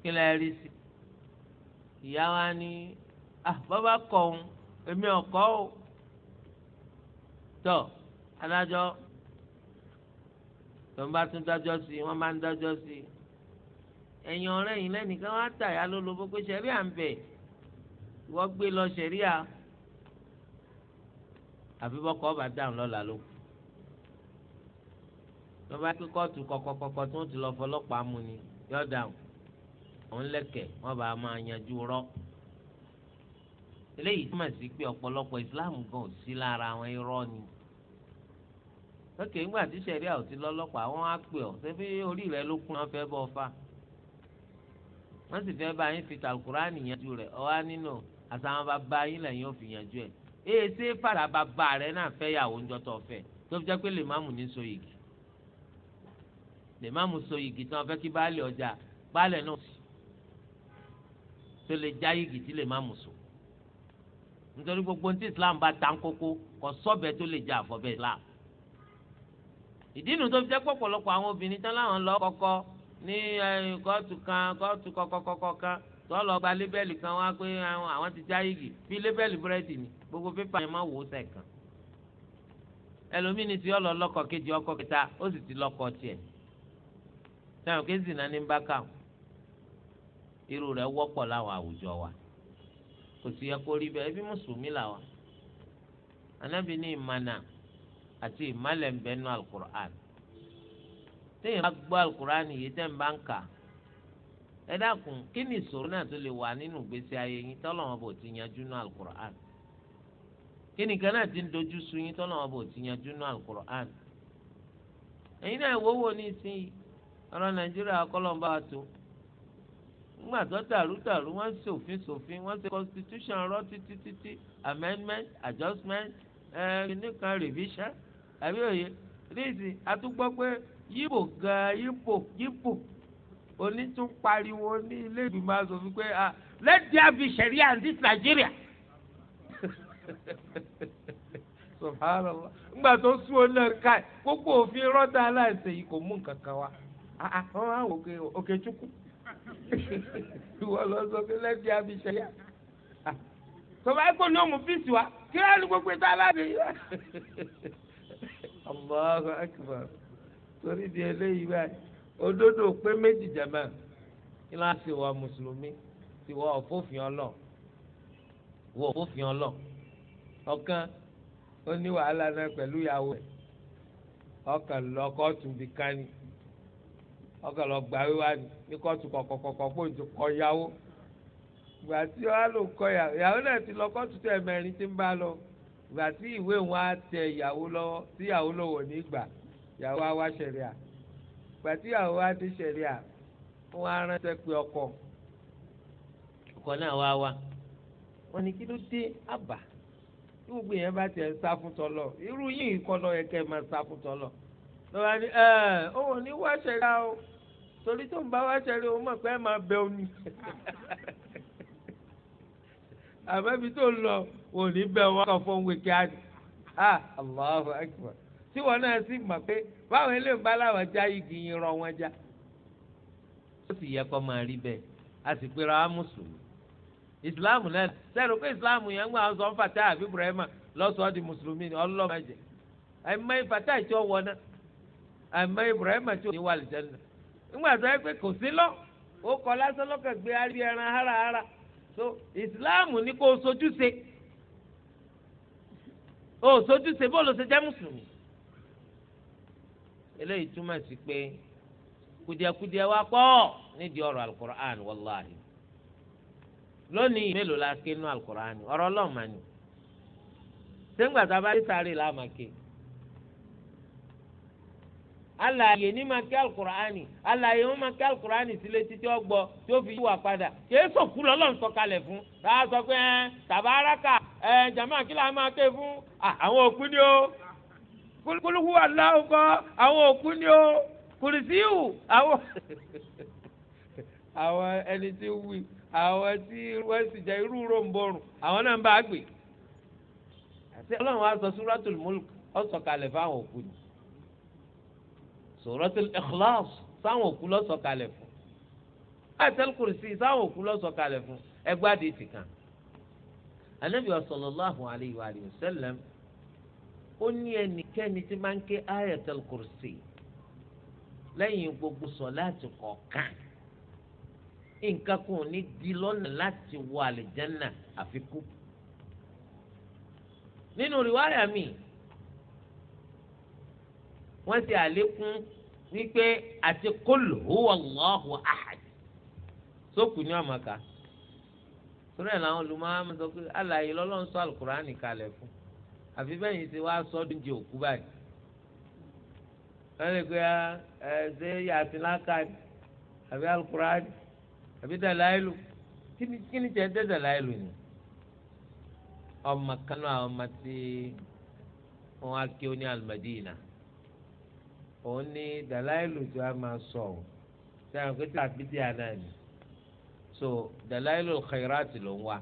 kí lẹ rí sí i ìyá wa ní ah, bàbá kọ̀ òun èmi ọ̀kọ́ o tọ́ adájọ́ tó ń bá tún dájọ́ sí i wọ́n máa ń dájọ́ sí i ẹ̀yin ọ̀rẹ́ yìí lẹ́nìkan wá tàyà lólobó pé ṣẹ̀ríà ń bẹ̀ wọ́n gbé lọ ṣẹ̀ríà àfi bọ́kọ̀ ọba dáhùn lọ́la lóko tó bá pé kóòtù kọ̀kọ̀kọ̀kọ̀ tó ń ti lọ fọlọ́pàá mu ni yóò dáhùn òun lẹ́kẹ̀ wọ́n bá máa yanjú rọ́ eléyìí túmọ̀ sí pé ọ̀pọ̀lọpọ̀ Islam gan ò sí lára àwọn irọ́ ni lókè ńgbà tí sẹ̀ríà ò ti lọ́lọ́pàá wọ́n á pè ọ́ ṣebí orí rẹ ló kún wọn fẹ́ bọ́ fa wọ́n sì fẹ́ bá yín fi tàlùkùránì yanjú rẹ̀ ọ̀wá nínú àtàwọn bàbá yín lẹ́yìn ò fi yanjú ẹ̀ èyí ṣé fàràbàbà rẹ náà fẹ́ yàwó ńjọ́ tó fẹ́ tó fi jẹ́ pé lè má mú ní so yìí lè má mú so yìgì tí wọ́n fẹ́ kí baálé ọjà baálé náà sì tó lè já yìgì tí lè má mú so nítorí gbogbo ní ti islam bá ta kókó kò sọ́bẹ tó lè já àfọ́bẹ islam ìdí nu tó fi jẹ́ pọ̀pọ̀lọpọ̀ àwọn obìnrin tán láwọn lọ kọ́kọ́ ní kóòtù kan kóòtù kọ́kọ́kọ́kọ́ kan tó lọ gba lébẹ́lì kan wá pé àwọn ti já yìgì fi lébẹ́lì búrẹ́dì ni gbogbo pépà yẹn má wò ó sẹ̀ kan ẹlòmíì ni ti ọlọ lọkọ kejì ọkọ kẹta ó sì ti lọkọ tiẹ̀ sẹ́wọ̀n kí zina ní bá kà irú rẹ̀ wọ́pọ̀ láwọn àwùjọ wa kò sì yẹ kó rí bẹ́ẹ̀ ẹbí mùsùlùmí làwa anábì ní ìmànà àti ìmàlẹ̀ ń bẹ́ẹ̀ nú alukur'an téèyàn bá gbọ́ alukur'an yìí tẹ́ ń bá ń kà ẹ dákun kí ni ìṣòro náà tó lè wà nínú ìgbésí ayé yín tọ́lọ́wọ́n bò ti yanjú nú alukur'an kí ni gánà ti ń dojú sun yín tọ́lọ́wọ́n bò ti yanjú nú alukur'an ẹ̀yin náà ìwọ́wọ́ ní ìsinyìí ọ̀rọ̀ nàìjíríà kọ́lọ́mbà tó ńgbà tó dàrú dàrú wọ́n ṣe òfin ṣòfin wọ́n ṣe constitution rọ́ títí títí amendment adjustment ẹ̀ẹ́dínníkan revision àbí òye níìsì àtúgbọ́ pé yíbò gan yíbò yíbò onítún pariwo ní ilé ìgbìmọ̀ asòfin pé ah let there be sharia in this Nigeria [laughs] subhanallah ńgbà tó sún ọ náà ká gbogbo òfin rọ́dà aláìsè yìí kò mú nǹkan kan wá. Ah, ah, wọ́n wá wò pé òkè chukwu [laughs] ìwọ lọ sọ pé lẹ́bi abisẹ́yà ah, tọ́ba ẹ̀kọ́ ní òmù fíìsì wa kí wọ́n á lu gbogbo ìta aláàbẹ̀ yìí wá. Allahu akbar torí di eléyìí báyìí òdodo pé méjì jẹ̀mẹ́ kí ló ń ṣe wọ mùsùlùmí ti wọ òfófin ọlọ wọ òfófin ọlọ ọ̀kan ó ní wàhálà náà pẹ̀lú ìyàwó ẹ̀ ọkàn lọ́kọ́ tún bí kání ọkàn lọ gbà wíwá ní kóòtù kọ̀kọ̀kọ̀kọ̀ pé òjò kọ yàwó ìgbà tí wàá lò kọ yàwó yàwó náà ti lọ kóòtù tó ẹ̀mẹrin ti ń bá lọ ìgbà tí ìwé wọn á tẹ ìyàwó lọ́wọ́ tí ìyàwó lọ́wọ́ ní ìgbà ìyàwó á wá ṣẹ̀ríà ìgbà tí ìyàwó á dé ṣẹ̀ríà wọn á ránṣẹ́ pé ọkọ ọkọ náà wá wá wọn ní kí ló dé àbá tí gbogbo yẹn bá tiẹ̀ ń sá fún tọ́lọ̀ irú yìí kọ́ lọ yẹ kẹ́ ẹ máa sá fún tọ́lọ̀ lọ́wọ́ ni ẹ̀ ọ́ ní wá ṣẹ̀ríà o torí tó ń bá wá ṣẹlẹ̀ o mọ̀ pé ẹ máa bẹ omi àbẹ́bí tó ń lọ wò ní bẹ wọn kàn fún wèké àdì ha Allahu Akbar tí wọn náà sì mọ̀ pé báwọn eléyìí bá láwọn já igi yín rọ wọn já ó sì yẹ kó máa rí bẹ́ẹ̀ a sì pera á mùsùlùmí ìsìláàmù náà sẹ́nu pé ìsìláàmù yẹn ń gbà sọ ń fàtà àbí Ibrahima lọ́sọ̀ọ́ di mùsùlùmí ni ọlọ́mọ ẹ̀jẹ̀ àìmọ́ ìfàtà ìtí ọ̀wọ́ náà àìmọ́ Ibrahima tí ò ní wà lìjẹ́ náà nígbà tó yẹ pé kò sí lọ ó kọ lásán lọ́kàn gbé arí ẹran hárahára so ìsìláàmù ní kó o sojúṣe o sojúṣe bó ló ṣe jẹ́ mùsùlùmí eléyìí túmọ̀ sí pé kùdìẹ̀kùdìẹ̀ wa pọ̀ nídìí ọ̀rọ̀ alukur'an wàláhi lónìí mélòó la ké nú alukur'an ọ̀rọ̀ ọlọ́ọ̀mà ni sẹ́ńgbà tá a bá rí sáré làá alààyè ní máa kí alukur'ani alààyè wọn máa kí alukur'ani sílé títí ọgbọ tó fi yíwà padà kìí sọkú lọ́lọ́run sọ̀kalẹ̀ fún láà sọ pé ẹ tàbáraka ẹ jàmá kí la máa ké fún àwọn òkú ni ó kúlùkúlù aláwọ kọ àwọn òkú ni ó kùrìsíwù àwọn [laughs] àwọn ẹni tí wí àwọn tí wọ́n sì jẹ́ irú ròǹbọ̀rùn àwọn náà ń bá gbé àti ọlọ́run á sọ súrátùl múlùk ó fáwọn òkú ni. Suratul Ikhlas sáwọn òkú lọ́sọ̀kalẹ̀ fún Ayatul Kursi sáwọn òkú lọ́sọ̀kalẹ̀ fún ẹgbàdì ti kàn. anabi sallallahu alayhi wa sallam ó ní ẹnikẹ́ni tí máa ń ké Ayatul Kursi lẹ́yìn gbogbo sọ̀láàtì kọ̀ọ̀kan nǹkan kan ò ní di lọ́nà láti wọ àlìjánà àfikún. nínú rìwáyà mi wọ́n ṣe àlékún wípé àti kul huwa Allahu ahad sókù ní ọ̀mọ̀ká torí ẹ̀ làwọn olùmọ̀ọ́mọ́ sọ pé àlàyé lọ́lọ́run sọ àlùkùránì kalẹ̀ fún àfi bẹ́yìn ti wá sọ ọdún di òkú báyìí wọ́n lè pe ẹ ṣe yàtìláka ni àbí àlùkùránì àbí dàláìlù kí ni jẹ́ dẹ́ dàláìlù ni ọmọ kanú àwọn ọmọ tí wọ́n á kí ó ní àlùmọ̀dínà òun ní dàláìlù tí wàá máa sọ ọ sẹ́yìn pé tí a bí díà náà ni so dàláìlù khairati ló ń wá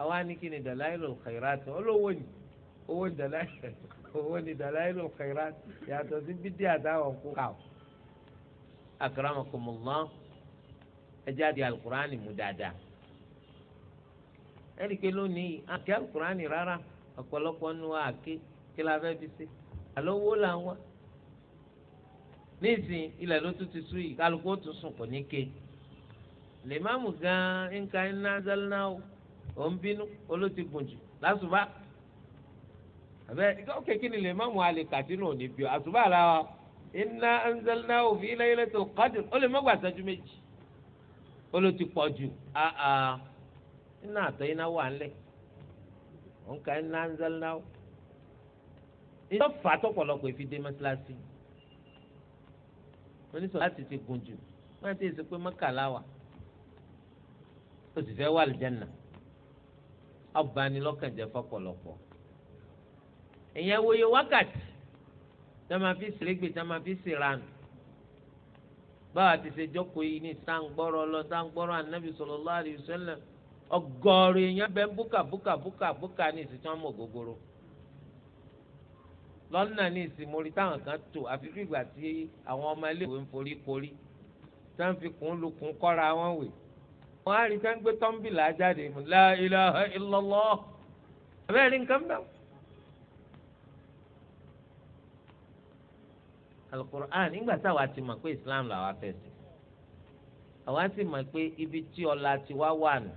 àwa ní kí ni dàláìlù khairati olówó ni owó ni dàláìlù owó ni dàláìlù khairati yàtọ̀ sí bí díà táwọn kú kà ó. akramakumullah ẹ jáde alukurani mu dáadáa ẹnì pé lónìí àti alukurani rárá ọ̀pọ̀lọpọ̀ nu àké kí la fẹ́ fi ṣe àlọ́ wo làwọn nísìn ilẹ̀ ló tún ti sú yìí kálukú ó tún sùn kò ní ké lèmáàmù gan nǹkan iná zálínà ò ń bínú olóòtú gùn jù lásùbà àbẹ ókè kí ni lèmáàmù alẹ kàtínú òní bí o àsùbà ara wa iná zálínà ò fi laylatul qadr ó lè mọ́gbà sẹ́jú méjì olóòtú pọ̀ jù áà iná àtọ́ iná wà ńlẹ̀ nǹkan iná zálínà ò. ìjọba fàtọ́ pọ̀lọpọ̀ ìfidé mọ́sálásí oníṣọ láti ti gùn jù wọn ti sọ pé mọ́kàlá wà ó sì fẹ́ wà lìjánà abanilọ́kànjẹ́ fọ́pọ̀lọpọ̀ èèyàn wo iye wákàtí tá máa fi sèrègbè tá máa fi sèrànù báwa ti ṣe jókòó yìí ní sàǹgbọ́rọ̀ lọ sàǹgbọ́rọ̀ ànábì sallallahu alaihi wasallam ọgọ́rùn èèyàn bẹ búkà búkà búkà ní ìsìtàn mọ̀ gogoro lọ́nà ní ìsìnmórí táwọn kan tò àfi bí ìgbà tí àwọn ọmọ iléèwé ń forí korí tá ń fi kún lukùn kọ́ra wọn wè wọn á rí sẹ́ńgbé tọ́ḿbìlà jáde la ilaha illallah abẹ́rẹ́ nǹkan bẹ́ẹ̀. alukur'an nígbà táwa ti mọ̀ pé islam làwa fẹ́ sí àwa sì mọ̀ pé ibi tí ọlá tiwa wà nù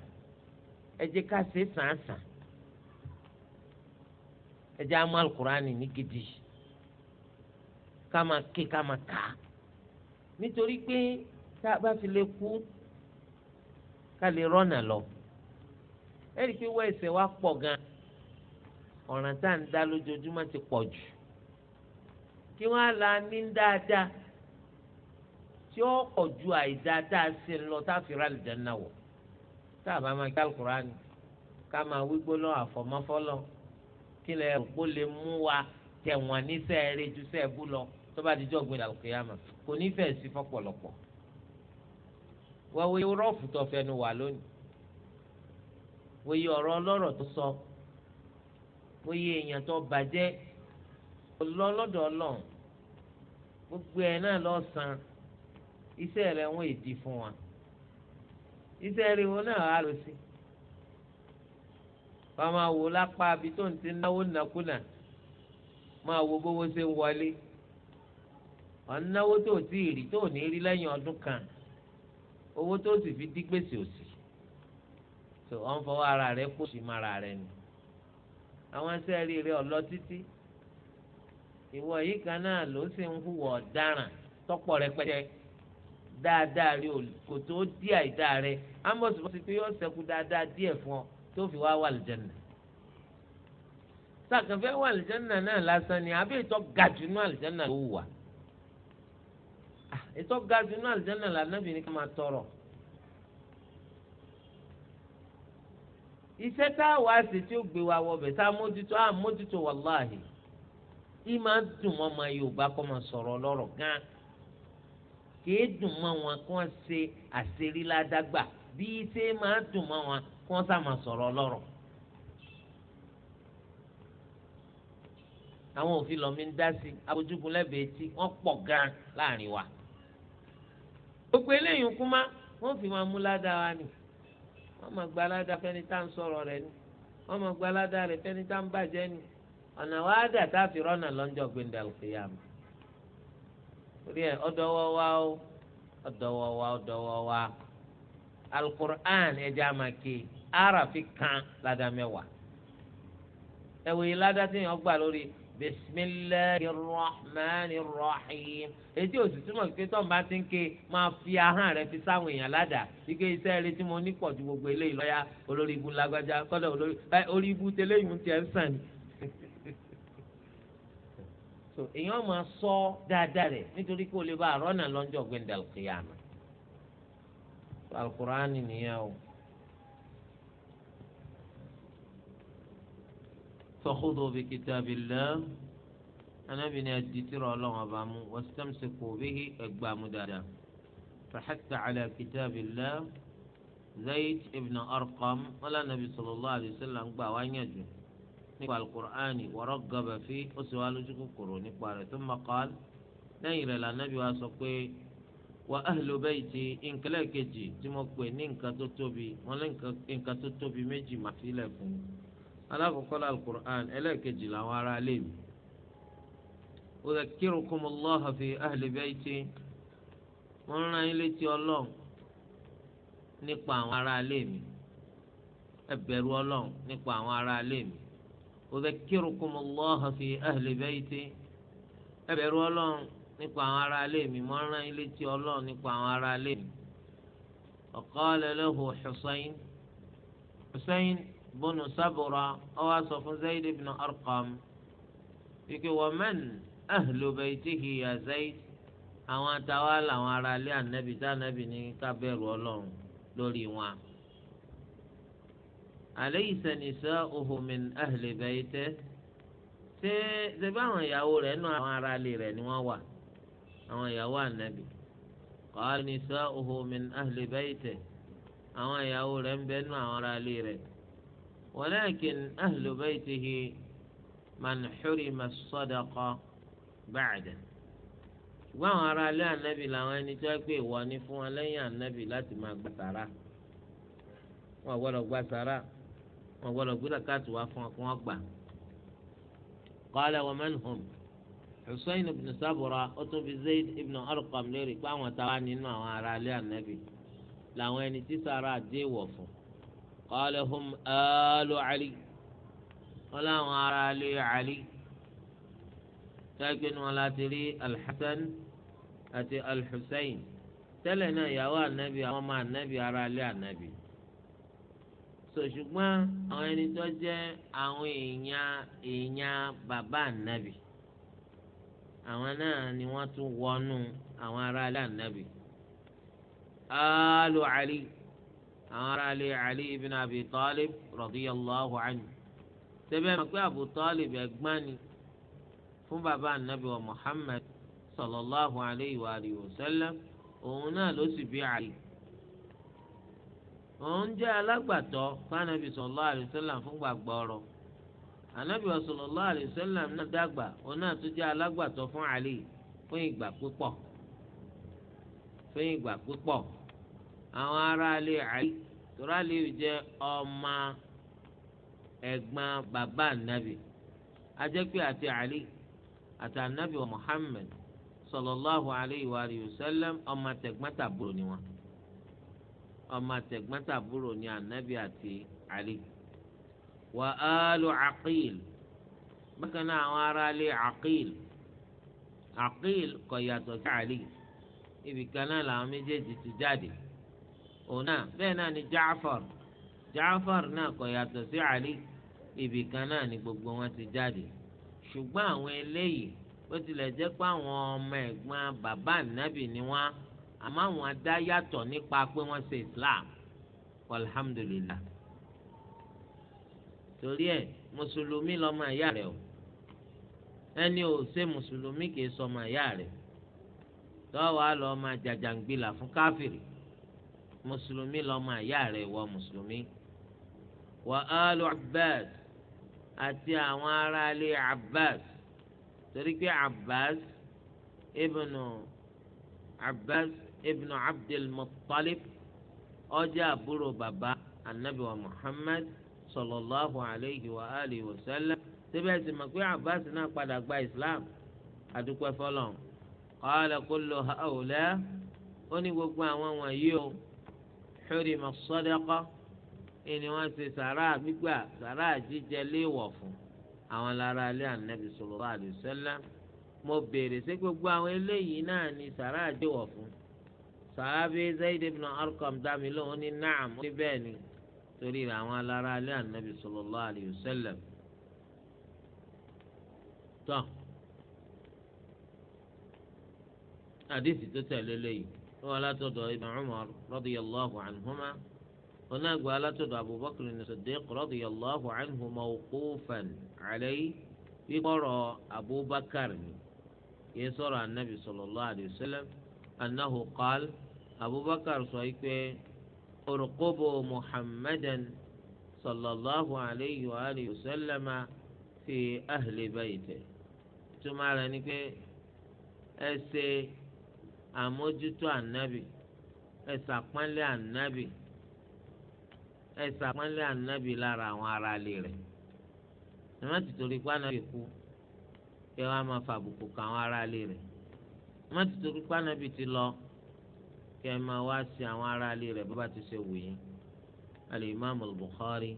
ẹ jẹ́ ká ṣe sàn-án sàn ẹ jẹ́ àmọ́ alukurani ní gidi kama máa ké ká máa kà á nítorí pé tá a bá fi lè kú ká lè rọ́nà lọ ẹ rí i pé wọ́n ẹsẹ̀ wa pọ̀ gan ọ̀ràn tá à ń dá lójoojúmọ́ ti pọ̀ jù kí wọ́n á la ní dáadáa tí ó pọ̀ ju àìdá tá a ṣe lọ tá a fi rà lìjẹ́ náà wọ̀ tá a bá máa kí alukurani ká máa wí gbólóhùn àfọ̀mọ́fọ́lọ́hùn kí lẹ rò kó lè mú wa tẹ̀wọ̀n níṣẹ́ eré ju sẹ́ bú lọ tó bá dijọ́ gbin àlùkìyàmà kò ní fẹ́ sí fọ́pọ̀lọpọ̀ wọ́n wo iye rọ́ọ̀fù tó fẹnu wà lónìí wo iye ọ̀rọ̀ ọlọ́rọ̀ tó sọ wo èèyàn tó bàjẹ́ olọ́lọ́dọ̀ ọlọ́run gbogbo ẹ̀ náà lọ san iṣẹ́ rẹ̀ wọ́n èdì fún wa iṣẹ́ rẹ̀ wọn náà á lọ sí wà á máa wò lápá abi tó ń ti náwó nàkúnà máa wo bówó ṣe ń wọlé wọn náwó tó tí ì rí tó ní rí lẹ́yìn ọdún kan owó tó sì fi dí gbèsè òsì tó ọ ń fọwọ́ ara rẹ̀ kó sì mara rẹ̀ ni àwọn sẹ́ẹ̀rì rẹ̀ ọ̀lọ́ títí ìwọ yìí kan náà ló sì ń hùwà ọ̀daràn tọ́pọ̀ rẹpẹtẹ dáadáa rí kò tó dí àìdáa rẹ̀ ámọ̀sibọ́sí pé yóò ṣẹ́kù dáadáa díẹ̀ fún ọ tó fi wá wà lìjẹ́nà sàkànfẹ́ wà lìjẹ́nà náà lásán ni àbí ìtọ́ ga jù nú àlìjẹ́nà ló wà ìtọ́ ah, ga jù nú àlìjẹ́nà lànàbì ni ká máa tọrọ. iṣẹ́ tá a wá sí tí ó gbé wa wọbẹ̀ tá a mójútó a mójútó wàláhì í máa dùn mọ́ ọmọ Yorùbá kó máa sọ̀rọ̀ lọ́rọ̀ gan kì í dùn mọ́ wọn kó wọ́n ṣe àṣírí ládágbà bí í máa dùn mọ́ wọn kí wọ́n sàmà sọ̀rọ̀ ọlọ́rọ̀ àwọn òfin lọ́mí ń dá sí eti lẹ́bẹ̀ẹ́ tí wọ́n pọ̀ gan láàrin wa gbogbo eléyìí kú má wọ́n fi máa mú ládàá wa nì wọ́n máa gba ládàá fẹ́ni tá à ń ni wọ́n máa gba ládàá rẹ̀ fẹ́ni tá à ń bàjẹ́ ni ọ̀nà wa dà tá a fi rọ́nà lọ́njọ́ gbẹ̀ndàlùkìyàmù torí ẹ̀ ọ̀dọ́wọ́ wa ó ọ̀dọ́wọ́ alukur'an àmàkè. arafi kan lada mẹ́wàá ẹ wòye lada tí yẹn gbà lórí bisimilahi rahman rahim etí òsì túmọ̀ pé tó ń fi ahọ́n rẹ fi sáwọn èèyàn ládàá wípé iṣẹ́ rẹ tí mo ní pọ̀ ju gbogbo eléyìí lọ́yà olórí ibu lágbájá kọ́dọ̀ olórí ẹ orí ibu ń sàn ni. [laughs] so èèyàn máa sọ dáadáa rẹ nítorí kó o lè bá lọ́jọ́ nìyẹn o. فخذوا بكتاب الله anabi ni adi tiri ọlọ́run ọba mu wasitamsiku bihi ẹgbàá mu dáadáa fahatta ala kitabillah zayid ibn arqam wala nabi sallallahu alayhi wa sallam gba wa nyaju nípa alukur'ani wọ́rọ́ gaba fi ó sì wá lójú kòkòrò nípa rẹ̀ tó ma qaal lẹ́yìn rẹ̀ la nabi wa sọ pé wa ahlu bayti nkẹlẹ́ kejì tí mo pè ní nǹkan tó tóbi wọn lé nǹkan tó tóbi méjì màfílẹ̀ fún mi. alákọ̀ọ́kọ́ la alukur'an ẹlẹ́ẹ̀kejì làwọn ará ilé mi udhakirukum allah fi ahli bayti wọ́n rán yín létí ọlọ́run nípa àwọn ará ilé mi ẹ bẹ̀rù nípa àwọn ará ilé mi udhakirukum allah fi ahli bayti ẹ bẹ̀rù ọlọ́run nípa àwọn ará ilé mi wọ́n rán nípa àwọn ará mi. bónú sábúra ó wá sọ fún Zayd ibn Arqam wípé wọ́n mẹ́n ahlu baytihi ya Zayd àwọn àtàwọn làwọn ará ilé ànábì tá ànábì ní ká bẹ̀rù ọlọ́run lórí wọn. alaysa nisa'uhu min ahli baytihi ṣé ṣe bá àwọn ìyàwó rẹ̀ nù àwọn ará ilé rẹ̀ ni wọ́n wà àwọn ìyàwó ànábì qala nisa'uhu min ahli baytihi àwọn ìyàwó rẹ̀ ń bẹ nù àwọn ará ilé rẹ̀. ولكن أهل بيته من حرم الصدقة بعده ṣùgbọ́n àwọn ará ilé ànábì làwọn ẹni tó pé ìwọ ni fún wọn lẹ́yìn ànábì láti máa gba sàrà wọn gbọ́dọ̀ gba sàrà wọn gbọ́dọ̀ gbé làkàtù wá fún wọn kí wọ́n gbà. qala wa man hum Husayn ibn Sabra ó tún fi Zayd ibn Arqam léèrè pé àwọn táwa nínú àwọn ará ilé ànábì làwọn ẹni tí sàrà dé wọ̀ fún un qala hum alu ali wọn làwọn ará ilé ali tẹ́gbẹ́ ni wọn láti rí alḥasan àti alḥusain tẹ́lẹ̀ النبي أرى لي àwọn ọmọ ànábì ará ilé ànábì so ṣùgbọ́n àwọn ẹni tó jẹ́ àwọn èèyàn èèyàn bàbá ànábì àwọn náà ni wọ́n tún wọnú àwọn ará ànábì alu ali. àwọn aráàlú Ali ibn Abi Talib radiyallahu anhu sẹ́bẹ̀ mọ̀ pé Abu Talib ẹ̀gbọ́n ni fún bàbá anabi wa Muhammad sallallahu alayhi wa alihi wa sallam òun náà ló sì bí Ali òun jẹ́ alágbàtọ́ fanabi sallallahu alayhi wa sallam fún gbàgbọ́ ọ̀rọ̀ anabi wa sallallahu alayhi wa sallam náà dàgbà òun náà tún jẹ́ alágbàtọ́ fún Ali fún ìgbà púpọ̀ fún ìgbà àwọn aráalé àlì torí lè jẹ ọmọ ẹ̀gbọ́n bàbá ànábì ajẹ́pẹ́ àti àlì àti ànábì wa muhammed sallallahu alayhi wa sallam ọmọ tẹ̀gbọ́ntàbúrò ni wọn ọmọ tẹ̀gbọ́ntàbúrò ni ànábì àti àlì wa alu aqil bákan náà àwọn aráalé aqil aqil kò yàtọ̀ sí àlì ibìkan náà làwọn méjèèjì ti jáde. òun náà bẹ́ẹ̀ náà ni jaafar jaafar náà kò yàtọ̀ sí ali ibì kan náà ni gbogbo wọn ti jáde ṣùgbọ́n àwọn eléyìí bó tilẹ̀ jẹ́ pé àwọn ọmọ ẹ̀gbọ́n bàbá ànábì ni wọ́n àmọ́ àwọn adá yàtọ̀ nípa pé wọ́n ṣe islam alhamdulillah torí ẹ̀ mùsùlùmí lọ́mọ ìyá rẹ̀ o ẹni ò ṣe mùsùlùmí kì í sọmọ ìyá rẹ̀ tọ́wọ́ á lọ́ọ́ jàjàngbìlà fún káfìrì mùsùlùmí lọ́mọ àyá rẹ̀ wọ mùsùlùmí wà áàlù abbas àti àwọn aráalé abbas torí pé abbas ibnu abbas ibnu abdulmuttalib ó jẹ́ àbúrò bàbá anabi wa muhammad sallallahu alayhi wa alihi wa sallam síbẹ̀ sì mọ̀ pé abbas náà padà gba islam adúpẹ́ fọlọ́n qala kullu haula ó ní gbogbo àwọn wọ̀nyí o hurima sadaqa ẹni wọ́n ṣe sàrà gbígbà sàrà jíjẹ léèwọ̀ fún àwọn lára ilé ànábì sallallahu alaihi wasallam mo béèrè ṣé gbogbo àwọn eléyìí náà ni sàrà jíwọ̀ fún sàábé Zayd ibn Arqam dámi lóhùn ní naam ó ní bẹ́ẹ̀ ni torí àwọn alára alẹ́ ànábì sallallahu alayhi wa àdìsí tó tẹ̀lé lẹ́yìn wọn látọ̀dọ̀ ibn Umar radiyallahu anhuma wọn náà gba látọ̀dọ̀ Abubakar as-Siddiq radiyallahu anhu mawqufan alayhi wíkọ̀rọ̀ Abubakar ni kìí sọ̀rọ̀ anabi sallallahu alayhi wa sallam annahu qaal Abubakar sọ pé orúkọ́bù Muhammadan sallallahu alayhi wa alihi wa fi ahli baytihi ni pé ẹ àmójútó ànábì ẹ ṣàpọ́nlé ànábì ẹ ṣàpọ́nlé ànábì lára àwọn ará ilé rẹ̀ ẹ má ti torí pé ànábì kú kẹ wàá máa fàbùkù kà àwọn ará ilé rẹ̀ ẹ má ti torí pé ànábì ti lọ kẹ máa wá sí àwọn ará ilé rẹ̀ bó bá ti ṣe wù yín alimami Bukhari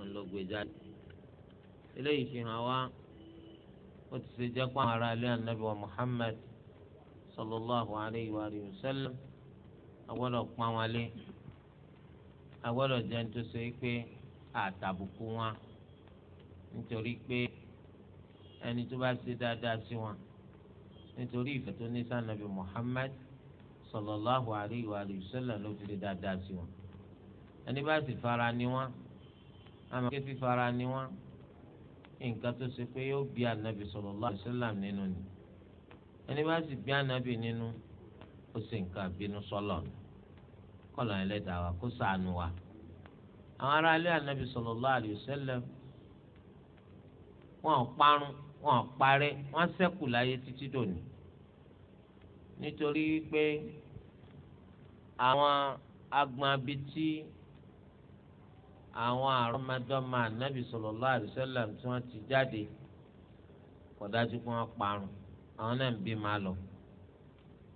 ọlọgbẹjáde eléyìí fi hàn wá ó ti ṣe jẹ́ pé àwọn ará ilé ànábì wa Muhammad sallallahu alayhi wa sallam agbọ́dọ̀ pọ́n wọn lé agbọ́dọ̀ jẹ́ ní tó so yìí pé àtàbùkù wọn nítorí pé ẹni tó bá ṣe dáadáa sí wọn nítorí ìfẹ́ tó ní sànàbí Muhammad sallallahu alayhi wa sallam ló fi lè dáadáa sí wọn ẹni bá sì fara ni wọn àmọ́ kí fífara ni wọn nǹkan tó ṣe pé yóò bí ànàbí sallallahu alayhi wa sallam nínú ni ẹni bá sì bí ànábì nínú ó sì nǹkan bínú sọ́lọ̀ kọ́lọ̀ ẹlẹ́dàá wa kó ṣàánú wa àwọn ará ilé ànábì sallallahu alayhi wa sallam wọn ò parun wọn ò parẹ́ wọn ṣẹ́kù láyé títí dòní nítorí pé àwọn agbọn àwọn àrọmọdọ́mọ ànábì sallallahu alayhi wa sallam tí wọ́n ti jáde kò dájú pé parun àwọn náà ń bí ma lọ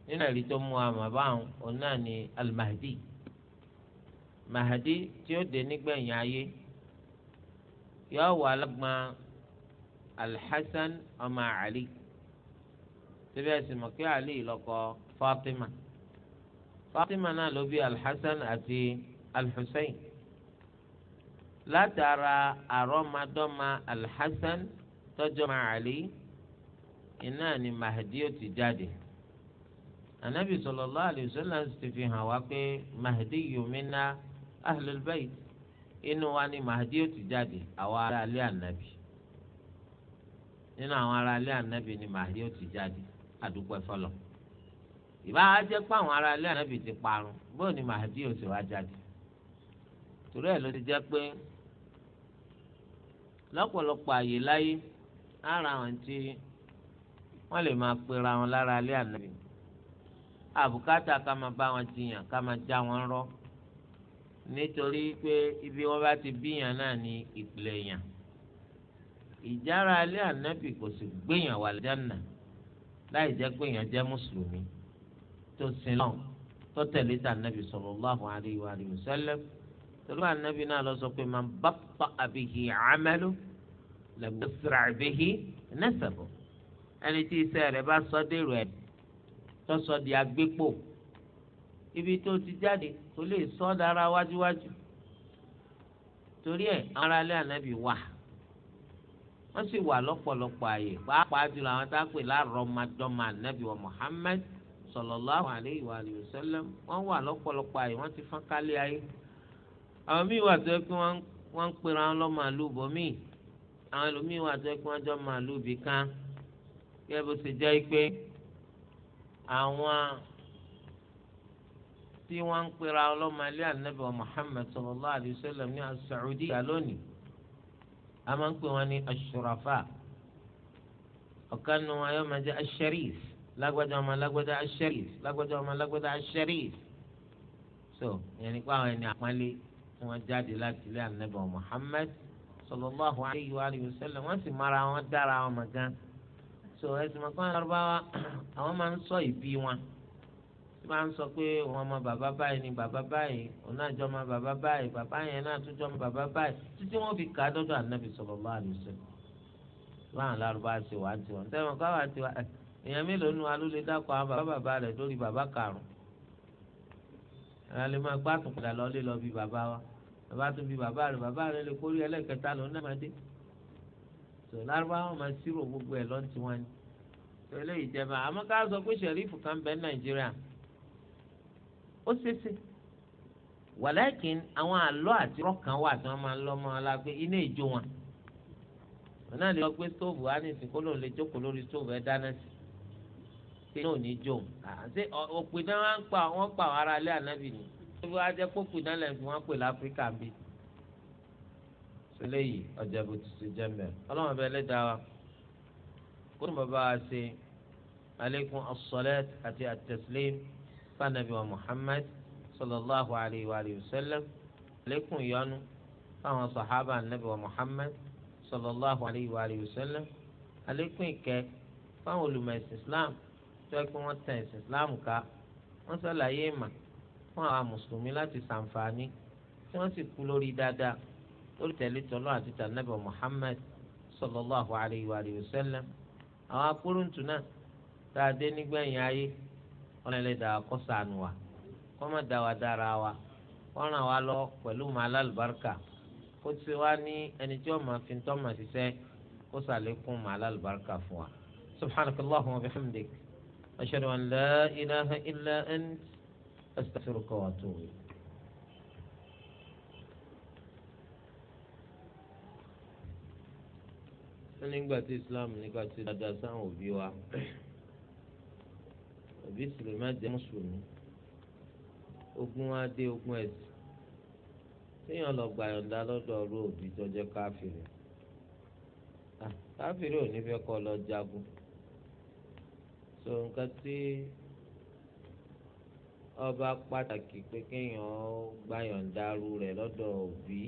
nínú ẹ̀rí tó mú àmọ́ báwọn òun náà ni al-mahdi mahdi tí ó dé nígbẹ̀yìn ayé yóò wà lágbọn alhassan ọmọ ali síbẹ̀ sì mọ̀ kí ali lọ́kọ fatima fatima náà ló bí alhassan àti alhussein látara àrọ́mọdọ́mọ alhassan tọ́jọ́ ọmọ ali. iná ni Mahadi ó ti jáde anabi Sọlọlọ alayhi ti fi hàn wá pé Mahadi yomina ahlul bayt inú wa ni Mahadi ó ti jáde àwa ará ilé anabi nínú àwọn ará ilé anabi ni Mahadi ó ti jáde àdúgbò ẹfọlọ ìbá wa jẹ́ pé àwọn ará ilé anabi ti parun bóò ni Mahadi ó sì wá jáde torí ẹ̀ ló ti jẹ́ pé lọ́pọ̀lọpọ̀ àyè láyé ara àwọn tí wọ́n lè máa pera wọn lára alẹ́ ànábì àbùkátà ká máa bá wọn jiyàn ká máa já wọn rọ́ nítorí pé ibi wọn bá ti bíyàn náà ní ìpìlẹ̀ yàn ìjára alẹ́ ànábì kò sì gbéyàn wà lẹ́jànà láì jẹ́ gbéyàn jẹ́ mùsùlùmí tó sin lọ́n tó tẹ̀lé tà ànábì sallallahu alaihi wa alihi wasallam torí ànábì náà lọ sọ pé man baṭṭa'a bihi 'amaluhu lam yusra' bihi nasabuhu ẹni tí iṣẹ́ rẹ̀ bá sọ dèrò ẹ̀ tọ́sọ di agbépò ibi tó ti jáde kò lè sọ dára wájúwájú torí ẹ̀ ara lé ànábì wà wọ́n sì wà lọ́pọ̀lọpọ̀ àyè pàápàá jùlọ àwọn tá a pè lárọ̀ọ́mọdọ́mọ ànábì wa Muhammad sallallahu alayhi wa alihi wa sallam wọ́n wà lọ́pọ̀lọpọ̀ àyè wọ́n ti fọ́n kálí ayé àwọn míì wà tó yẹ kí wọ́n ń pera wọn lọ́ màálù bọ̀ míì àwọn ẹlòmíì wà tó yẹ kí wọ́n jọ màálù bì kan kí ẹ bó ṣe jẹ́ pé àwọn tí wọ́n ń pera ọlọ́mọlẹ́ ànábì Muhammad sallallahu alayhi wa sallam ní Saudi lónìí a máa ń pè wọ́n ní aṣurafa ọ̀kan nu wọn yóò máa jẹ́ asharif ọmọ lágbájá asharif lágbájá ọmọ lágbájá asharif so ìyẹn nípa àwọn ẹni àpọ́nlé tí wọ́n jáde láti ilé ànábì Muhammad sallallahu alayhi wa sallam wọ́n sì mara wọn dára wọn gan so ẹsìn mọ fún Lárúbáwá [clears throat] àwọn máa ń sọ ìbí wọn tí wọ́n sọ pé òun ọmọ bàbá báyìí ni bàbá báyìí òun náà jọ ọmọ bàbá báyìí bàbá yẹn náà tún jọ ọmọ bàbá báyìí títí wọ́n fi kà á dọ́dọ̀ ànábì sallallahu alaihi wasallam láwọn Lárúbáwá ti wà á ti wọn tẹ́wọ̀n káwá ti wà ẹ̀ èèyàn mélòó nu alólè dákọ̀ àwọn bàbá bàbá rẹ̀ lórí bàbá karùn-ún alẹ́ máa gbá àtùnkùn dà lọ́lé lọ bí bàbá wa bàbá tún bí bàbá rẹ̀ bàbá rẹ̀ lè kórè ẹlẹ́kẹta lọ́nà tó lárúbáwá máa ṣírò gbogbo ẹ̀ lọ́n tiwọn ni tó eléyìí jẹba àmọ́ ká sọ pé sẹ̀rífù kan bẹ nàìjíríà ó ṣeéṣe wàlẹ́kìn àwọn àlọ́ àti rọ́kàn wà tí wọ́n máa ń lọ́ mọ́ ọ́n la pé iná ìjó wọn wọn náà lè lọ gbé stóòvù wá nísìnyí kó lóun lè jókòó lórí stóòvù ẹ dáná sí pé náà ní jò àti òpin náà wọn pa àwọn ará ànábì ni wọn jẹ kó náà lẹ́yìn tí wọ́n pè láfíríkà bíi eléyìí ọjà bó ti ṣe jẹ́ mẹ́rin ọlọ́run ọba ẹlẹ́dàá wa kó ní bàbá wa ṣe alaikum as-salat àti at-taslim fanabi wa muhammad sallallahu alayhi wa sallam alaikum ìyọ́nú fáwọn sàhábà anabi wa muhammad sallallahu alayhi wa sallam alaikum ìkẹ́ fáwọn olùmọ̀ ẹ̀sìn islam tó ẹ pé wọ́n tẹ̀ ẹ̀sìn islam ká wọ́n sàlàyé ìmà fún àwọn mùsùlùmí láti ṣàǹfààní tí wọ́n sì kú lórí dáadáa tó tẹ̀lé tọ́lọ́ àti tànàbẹ̀ Muhammad sallallahu alayhi wa sallam àwọn akúrúntù náà tá a dé nígbẹ̀yìn ayé wọn lè dà kọ́ sànù wa kọ́ má dà wá dára wa wọ́n ràn wá lọ pẹ̀lú màálà àlùbáríkà kó ti wá ní ẹni tí wọ́n máa fi tọ́ máa ṣiṣẹ́ kó sàlékún màálà àlùbáríkà fún wa. سبحانك اللهم وبحمدك أشهد أن لا إله إلا أنت أستغفرك وأتوب إليك wọn nígbà tí islam nígbà tí dáadáa sáwọn òbí wa òbí sùlùmá jẹ́ mùsùlùmí ogun wa dé ogun ẹ̀sìn téèyàn lọ gba yọ̀ǹda lọ́dọ̀ ọ̀rọ̀ òbí tó jẹ́ káfíìrì káfíìrì ò ní fẹ́ kọ́ lọ jagun so nǹkan tí ọba pàtàkì pé kéèyàn gba yọ̀ǹda rú rẹ̀ lọ́dọ̀ òbí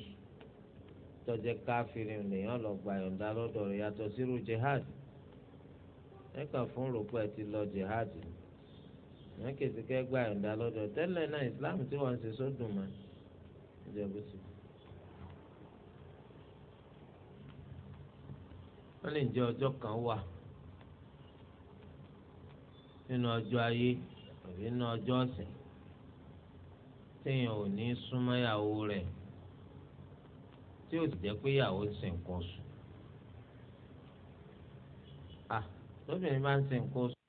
tọjẹ káfírin lèèyàn lọ gba yọ̀ǹda lọ́dọ̀ rẹ̀ yàtọ̀ sírú jihad ẹ̀ka fún rògbò ẹ̀ ti lọ jihad wọn kèsì kẹ́ gba yọ̀ǹda lọ́dọ̀ tẹ́lẹ̀ náà islam tí wọ́n ń ṣe sódùn mọ́ ìjọba sí. wọ́n lè jẹ́ ọjọ́ kan wà nínú ọjọ́ ayé àbí nínú ọjọ́ ọ̀sẹ̀ téèyàn ò ní súnmọ́ ìyàwó rẹ̀ tí ò jẹ́ pé ìyàwó ń sin nǹkan oṣù. Ah, lóbìnrin máa ń sin nǹkan oṣù.